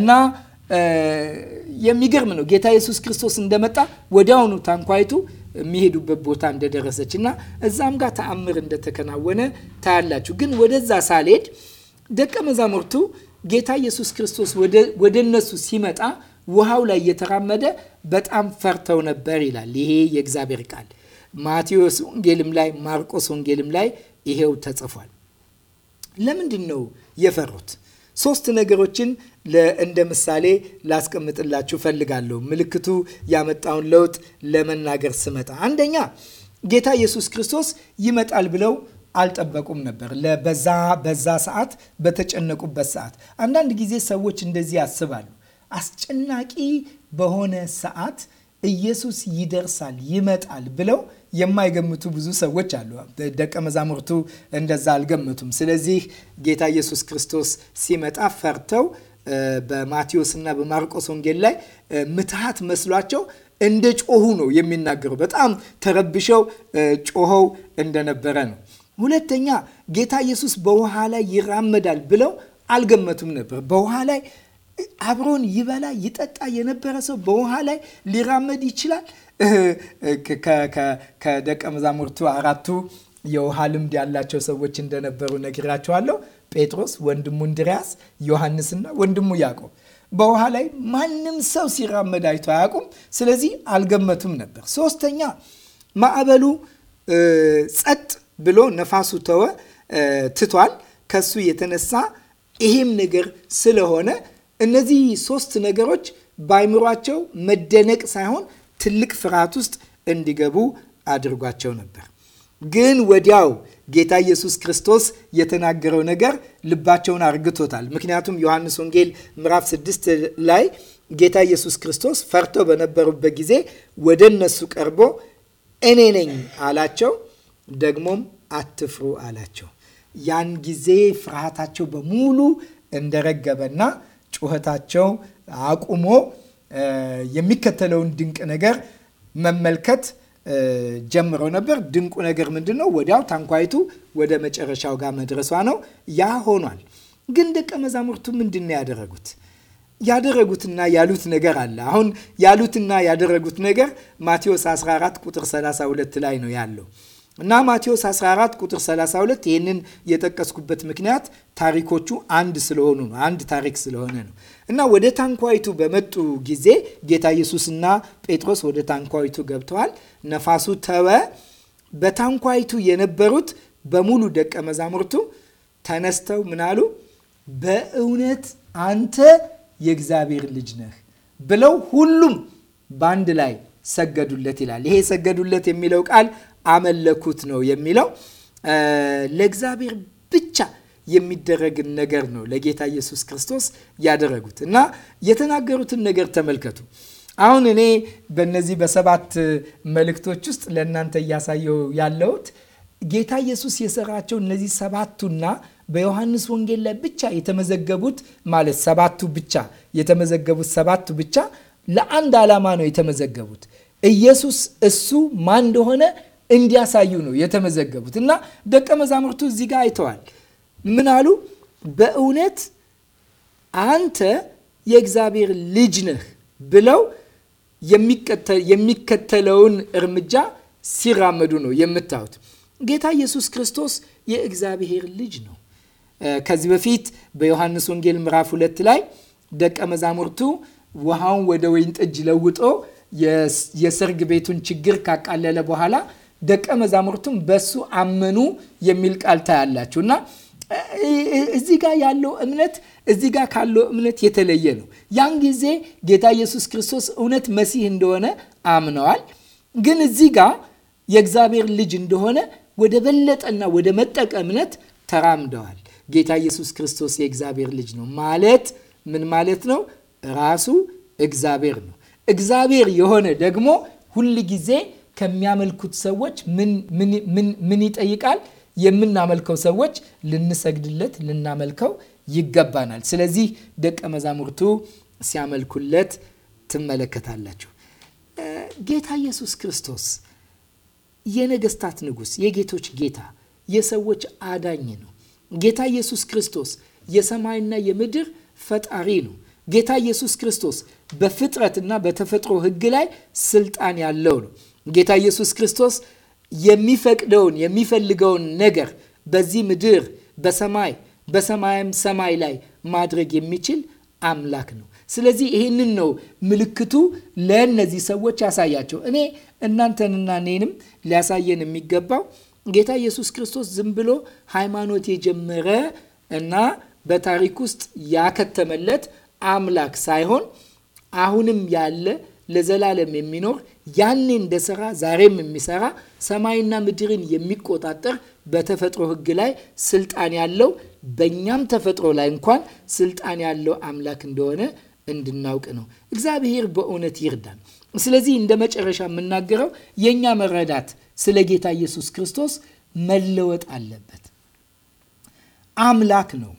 Speaker 1: እና የሚገርም ነው። ጌታ ኢየሱስ ክርስቶስ እንደመጣ ወዲያውኑ ታንኳይቱ የሚሄዱበት ቦታ እንደደረሰች እና እዛም ጋር ተአምር እንደተከናወነ ታያላችሁ። ግን ወደዛ ሳልሄድ ደቀ መዛሙርቱ ጌታ ኢየሱስ ክርስቶስ ወደ እነሱ ሲመጣ ውሃው ላይ እየተራመደ በጣም ፈርተው ነበር ይላል። ይሄ የእግዚአብሔር ቃል ማቴዎስ ወንጌልም ላይ ማርቆስ ወንጌልም ላይ ይሄው ተጽፏል። ለምንድን ነው የፈሩት? ሶስት ነገሮችን እንደ ምሳሌ ላስቀምጥላችሁ ፈልጋለሁ። ምልክቱ ያመጣውን ለውጥ ለመናገር ስመጣ፣ አንደኛ ጌታ ኢየሱስ ክርስቶስ ይመጣል ብለው አልጠበቁም ነበር። በዛ በዛ ሰዓት በተጨነቁበት ሰዓት አንዳንድ ጊዜ ሰዎች እንደዚህ ያስባሉ። አስጨናቂ በሆነ ሰዓት ኢየሱስ ይደርሳል ይመጣል ብለው የማይገምቱ ብዙ ሰዎች አሉ። ደቀ መዛሙርቱ እንደዛ አልገመቱም። ስለዚህ ጌታ ኢየሱስ ክርስቶስ ሲመጣ ፈርተው በማቴዎስ እና በማርቆስ ወንጌል ላይ ምትሃት መስሏቸው እንደ ጮሁ ነው የሚናገረው። በጣም ተረብሸው ጮኸው እንደነበረ ነው። ሁለተኛ ጌታ ኢየሱስ በውሃ ላይ ይራመዳል ብለው አልገመቱም ነበር። በውሃ ላይ አብሮን ይበላ ይጠጣ የነበረ ሰው በውሃ ላይ ሊራመድ ይችላል። ከደቀ መዛሙርቱ አራቱ የውሃ ልምድ ያላቸው ሰዎች እንደነበሩ ነግራቸዋለሁ። ጴጥሮስ፣ ወንድሙ እንድሪያስ፣ ዮሐንስና ወንድሙ ያዕቆብ በውሃ ላይ ማንም ሰው ሲራመድ አይቶ አያውቁም። ስለዚህ አልገመቱም ነበር። ሶስተኛ ማዕበሉ ጸጥ ብሎ ነፋሱ ተወ ትቷል። ከሱ የተነሳ ይሄም ነገር ስለሆነ እነዚህ ሶስት ነገሮች በአይምሯቸው መደነቅ ሳይሆን ትልቅ ፍርሃት ውስጥ እንዲገቡ አድርጓቸው ነበር። ግን ወዲያው ጌታ ኢየሱስ ክርስቶስ የተናገረው ነገር ልባቸውን አርግቶታል። ምክንያቱም ዮሐንስ ወንጌል ምዕራፍ 6 ላይ ጌታ ኢየሱስ ክርስቶስ ፈርተው በነበሩበት ጊዜ ወደ እነሱ ቀርቦ እኔ ነኝ አላቸው። ደግሞም አትፍሩ አላቸው። ያን ጊዜ ፍርሃታቸው በሙሉ እንደረገበና ጩኸታቸው አቁሞ የሚከተለውን ድንቅ ነገር መመልከት ጀምረው ነበር። ድንቁ ነገር ምንድን ነው? ወዲያው ታንኳይቱ ወደ መጨረሻው ጋር መድረሷ ነው። ያ ሆኗል። ግን ደቀ መዛሙርቱ ምንድን ነው ያደረጉት? ያደረጉትና ያሉት ነገር አለ። አሁን ያሉትና ያደረጉት ነገር ማቴዎስ 14 ቁጥር 32 ላይ ነው ያለው። እና ማቴዎስ 14 ቁጥር 32 ይህንን የጠቀስኩበት ምክንያት ታሪኮቹ አንድ ስለሆኑ ነው። አንድ ታሪክ ስለሆነ ነው። እና ወደ ታንኳይቱ በመጡ ጊዜ ጌታ ኢየሱስና ጴጥሮስ ወደ ታንኳይቱ ገብተዋል። ነፋሱ ተወ። በታንኳይቱ የነበሩት በሙሉ ደቀ መዛሙርቱ ተነስተው ምናሉ በእውነት አንተ የእግዚአብሔር ልጅ ነህ ብለው ሁሉም በአንድ ላይ ሰገዱለት ይላል። ይሄ ሰገዱለት የሚለው ቃል አመለኩት ነው የሚለው ለእግዚአብሔር ብቻ የሚደረግን ነገር ነው ለጌታ ኢየሱስ ክርስቶስ ያደረጉት እና የተናገሩትን ነገር ተመልከቱ። አሁን እኔ በነዚህ በሰባት መልእክቶች ውስጥ ለእናንተ እያሳየው ያለሁት ጌታ ኢየሱስ የሰራቸው እነዚህ ሰባቱና በዮሐንስ ወንጌል ላይ ብቻ የተመዘገቡት ማለት ሰባቱ ብቻ የተመዘገቡት ሰባቱ ብቻ ለአንድ ዓላማ ነው የተመዘገቡት ኢየሱስ እሱ ማን እንደሆነ እንዲያሳዩ ነው የተመዘገቡት። እና ደቀ መዛሙርቱ እዚህ ጋር አይተዋል። ምን አሉ? በእውነት አንተ የእግዚአብሔር ልጅ ነህ ብለው የሚከተለውን እርምጃ ሲራመዱ ነው የምታዩት። ጌታ ኢየሱስ ክርስቶስ የእግዚአብሔር ልጅ ነው። ከዚህ በፊት በዮሐንስ ወንጌል ምዕራፍ ሁለት ላይ ደቀ መዛሙርቱ ውሃውን ወደ ወይን ጠጅ ለውጦ የሰርግ ቤቱን ችግር ካቃለለ በኋላ ደቀ መዛሙርቱም በሱ አመኑ የሚል ቃል ታያላችሁ እና እዚህ ጋር ያለው እምነት እዚህ ጋር ካለው እምነት የተለየ ነው። ያን ጊዜ ጌታ ኢየሱስ ክርስቶስ እውነት መሲህ እንደሆነ አምነዋል። ግን እዚህ ጋር የእግዚአብሔር ልጅ እንደሆነ ወደ በለጠና ወደ መጠቀ እምነት ተራምደዋል። ጌታ ኢየሱስ ክርስቶስ የእግዚአብሔር ልጅ ነው ማለት ምን ማለት ነው? ራሱ እግዚአብሔር ነው። እግዚአብሔር የሆነ ደግሞ ሁል ጊዜ ከሚያመልኩት ሰዎች ምን ይጠይቃል? የምናመልከው ሰዎች ልንሰግድለት፣ ልናመልከው ይገባናል። ስለዚህ ደቀ መዛሙርቱ ሲያመልኩለት ትመለከታላችሁ። ጌታ ኢየሱስ ክርስቶስ የነገስታት ንጉስ የጌቶች ጌታ፣ የሰዎች አዳኝ ነው። ጌታ ኢየሱስ ክርስቶስ የሰማይና የምድር ፈጣሪ ነው። ጌታ ኢየሱስ ክርስቶስ በፍጥረትና በተፈጥሮ ሕግ ላይ ስልጣን ያለው ነው። ጌታ ኢየሱስ ክርስቶስ የሚፈቅደውን የሚፈልገውን ነገር በዚህ ምድር በሰማይ በሰማይም ሰማይ ላይ ማድረግ የሚችል አምላክ ነው። ስለዚህ ይህንን ነው ምልክቱ ለእነዚህ ሰዎች ያሳያቸው። እኔ እናንተንና እኔንም ሊያሳየን የሚገባው ጌታ ኢየሱስ ክርስቶስ ዝም ብሎ ሃይማኖት የጀመረ እና በታሪክ ውስጥ ያከተመለት አምላክ ሳይሆን አሁንም ያለ ለዘላለም የሚኖር ያኔ እንደሰራ ዛሬም የሚሰራ ሰማይና ምድርን የሚቆጣጠር በተፈጥሮ ሕግ ላይ ስልጣን ያለው በእኛም ተፈጥሮ ላይ እንኳን ስልጣን ያለው አምላክ እንደሆነ እንድናውቅ ነው። እግዚአብሔር በእውነት ይርዳን። ስለዚህ እንደ መጨረሻ የምናገረው የእኛ መረዳት ስለ ጌታ ኢየሱስ ክርስቶስ መለወጥ አለበት። አምላክ ነው፣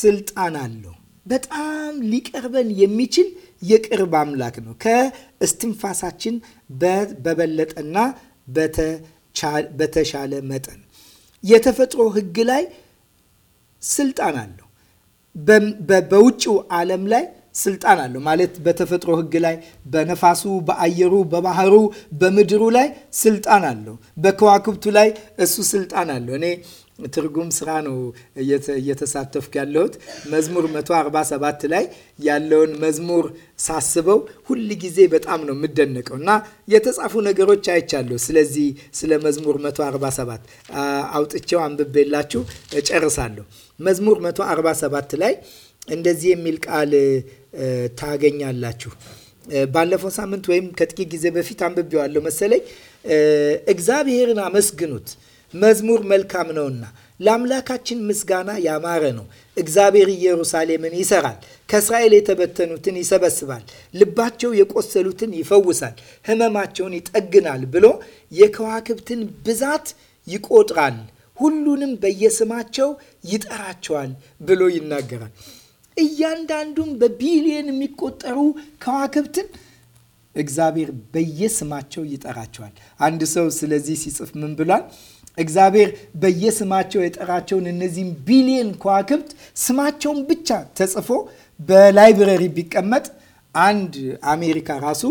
Speaker 1: ስልጣን አለው። በጣም ሊቀርበን የሚችል የቅርብ አምላክ ነው። እስትንፋሳችን በበለጠና በተሻለ መጠን የተፈጥሮ ሕግ ላይ ስልጣን አለው። በውጭው ዓለም ላይ ስልጣን አለው ማለት በተፈጥሮ ሕግ ላይ በነፋሱ፣ በአየሩ፣ በባህሩ፣ በምድሩ ላይ ስልጣን አለው። በከዋክብቱ ላይ እሱ ስልጣን አለው። እኔ ትርጉም ስራ ነው እየተሳተፍኩ ያለሁት። መዝሙር 147 ላይ ያለውን መዝሙር ሳስበው ሁል ጊዜ በጣም ነው የምደነቀው እና የተጻፉ ነገሮች አይቻለሁ። ስለዚህ ስለ መዝሙር 147 አውጥቼው አንብቤላችሁ እጨርሳለሁ። መዝሙር 147 ላይ እንደዚህ የሚል ቃል ታገኛላችሁ። ባለፈው ሳምንት ወይም ከጥቂት ጊዜ በፊት አንብቤዋለሁ መሰለኝ። እግዚአብሔርን አመስግኑት መዝሙር መልካም ነውና ለአምላካችን ምስጋና ያማረ ነው። እግዚአብሔር ኢየሩሳሌምን ይሰራል፣ ከእስራኤል የተበተኑትን ይሰበስባል፣ ልባቸው የቆሰሉትን ይፈውሳል፣ ሕመማቸውን ይጠግናል ብሎ የከዋክብትን ብዛት ይቆጥራል፣ ሁሉንም በየስማቸው ይጠራቸዋል ብሎ ይናገራል። እያንዳንዱም በቢሊየን የሚቆጠሩ ከዋክብትን እግዚአብሔር በየስማቸው ይጠራቸዋል። አንድ ሰው ስለዚህ ሲጽፍ ምን ብሏል? እግዚአብሔር በየስማቸው የጠራቸውን እነዚህም ቢሊየን ከዋክብት ስማቸውን ብቻ ተጽፎ በላይብረሪ ቢቀመጥ አንድ አሜሪካ ራሱ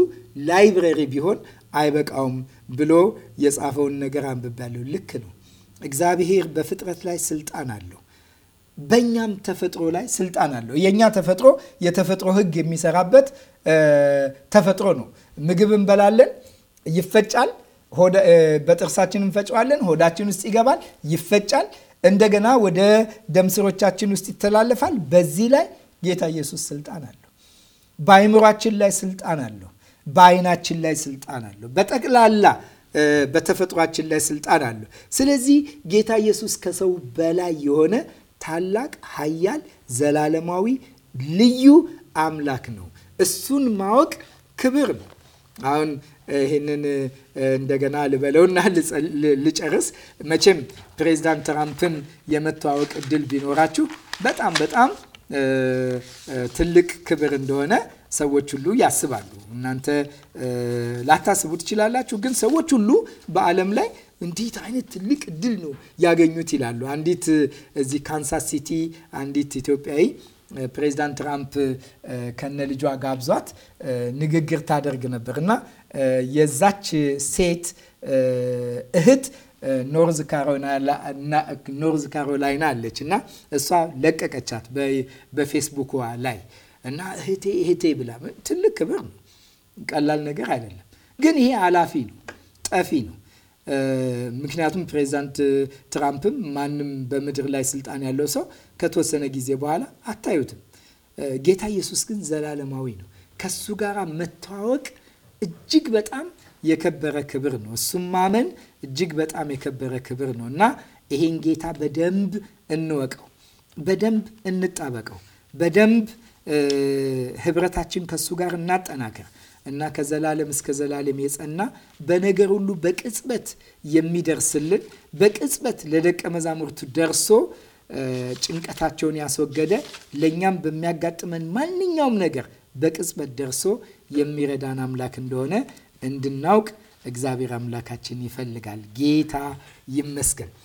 Speaker 1: ላይብረሪ ቢሆን አይበቃውም ብሎ የጻፈውን ነገር አንብቤያለሁ። ልክ ነው። እግዚአብሔር በፍጥረት ላይ ስልጣን አለው። በእኛም ተፈጥሮ ላይ ስልጣን አለው። የእኛ ተፈጥሮ የተፈጥሮ ሕግ የሚሰራበት ተፈጥሮ ነው። ምግብ እንበላለን፣ ይፈጫል፣ በጥርሳችን እንፈጨዋለን። ሆዳችን ውስጥ ይገባል፣ ይፈጫል፣ እንደገና ወደ ደምስሮቻችን ውስጥ ይተላለፋል። በዚህ ላይ ጌታ ኢየሱስ ስልጣን አለው። በአይምሯችን ላይ ስልጣን አለው። በአይናችን ላይ ስልጣን አለው። በጠቅላላ በተፈጥሯችን ላይ ስልጣን አለው። ስለዚህ ጌታ ኢየሱስ ከሰው በላይ የሆነ ታላቅ ኃያል ዘላለማዊ ልዩ አምላክ ነው። እሱን ማወቅ ክብር ነው። አሁን ይህንን እንደገና ልበለውና ልጨርስ። መቼም ፕሬዚዳንት ትራምፕን የመተዋወቅ እድል ቢኖራችሁ በጣም በጣም ትልቅ ክብር እንደሆነ ሰዎች ሁሉ ያስባሉ። እናንተ ላታስቡ ትችላላችሁ፣ ግን ሰዎች ሁሉ በዓለም ላይ እንዴት አይነት ትልቅ እድል ነው ያገኙት ይላሉ። አንዲት እዚህ ካንሳስ ሲቲ አንዲት ኢትዮጵያዊ ፕሬዚዳንት ትራምፕ ከነ ልጇ ጋብዟት ንግግር ታደርግ ነበር እና የዛች ሴት እህት ኖርዝ ካሮላይና አለች እና እሷ ለቀቀቻት በፌስቡክ ላይ እና እህቴ እህቴ ብላ ትልቅ ክብር ነው። ቀላል ነገር አይደለም። ግን ይሄ አላፊ ነው፣ ጠፊ ነው። ምክንያቱም ፕሬዚዳንት ትራምፕም ማንም በምድር ላይ ስልጣን ያለው ሰው ከተወሰነ ጊዜ በኋላ አታዩትም። ጌታ ኢየሱስ ግን ዘላለማዊ ነው። ከሱ ጋር መተዋወቅ እጅግ በጣም የከበረ ክብር ነው። እሱም ማመን እጅግ በጣም የከበረ ክብር ነው እና ይሄን ጌታ በደንብ እንወቀው፣ በደንብ እንጣበቀው፣ በደንብ ህብረታችን ከሱ ጋር እናጠናከር። እና ከዘላለም እስከ ዘላለም የጸና በነገር ሁሉ በቅጽበት የሚደርስልን በቅጽበት ለደቀ መዛሙርቱ ደርሶ ጭንቀታቸውን ያስወገደ ለእኛም በሚያጋጥመን ማንኛውም ነገር በቅጽበት ደርሶ የሚረዳን አምላክ እንደሆነ እንድናውቅ እግዚአብሔር አምላካችን ይፈልጋል። ጌታ ይመስገን።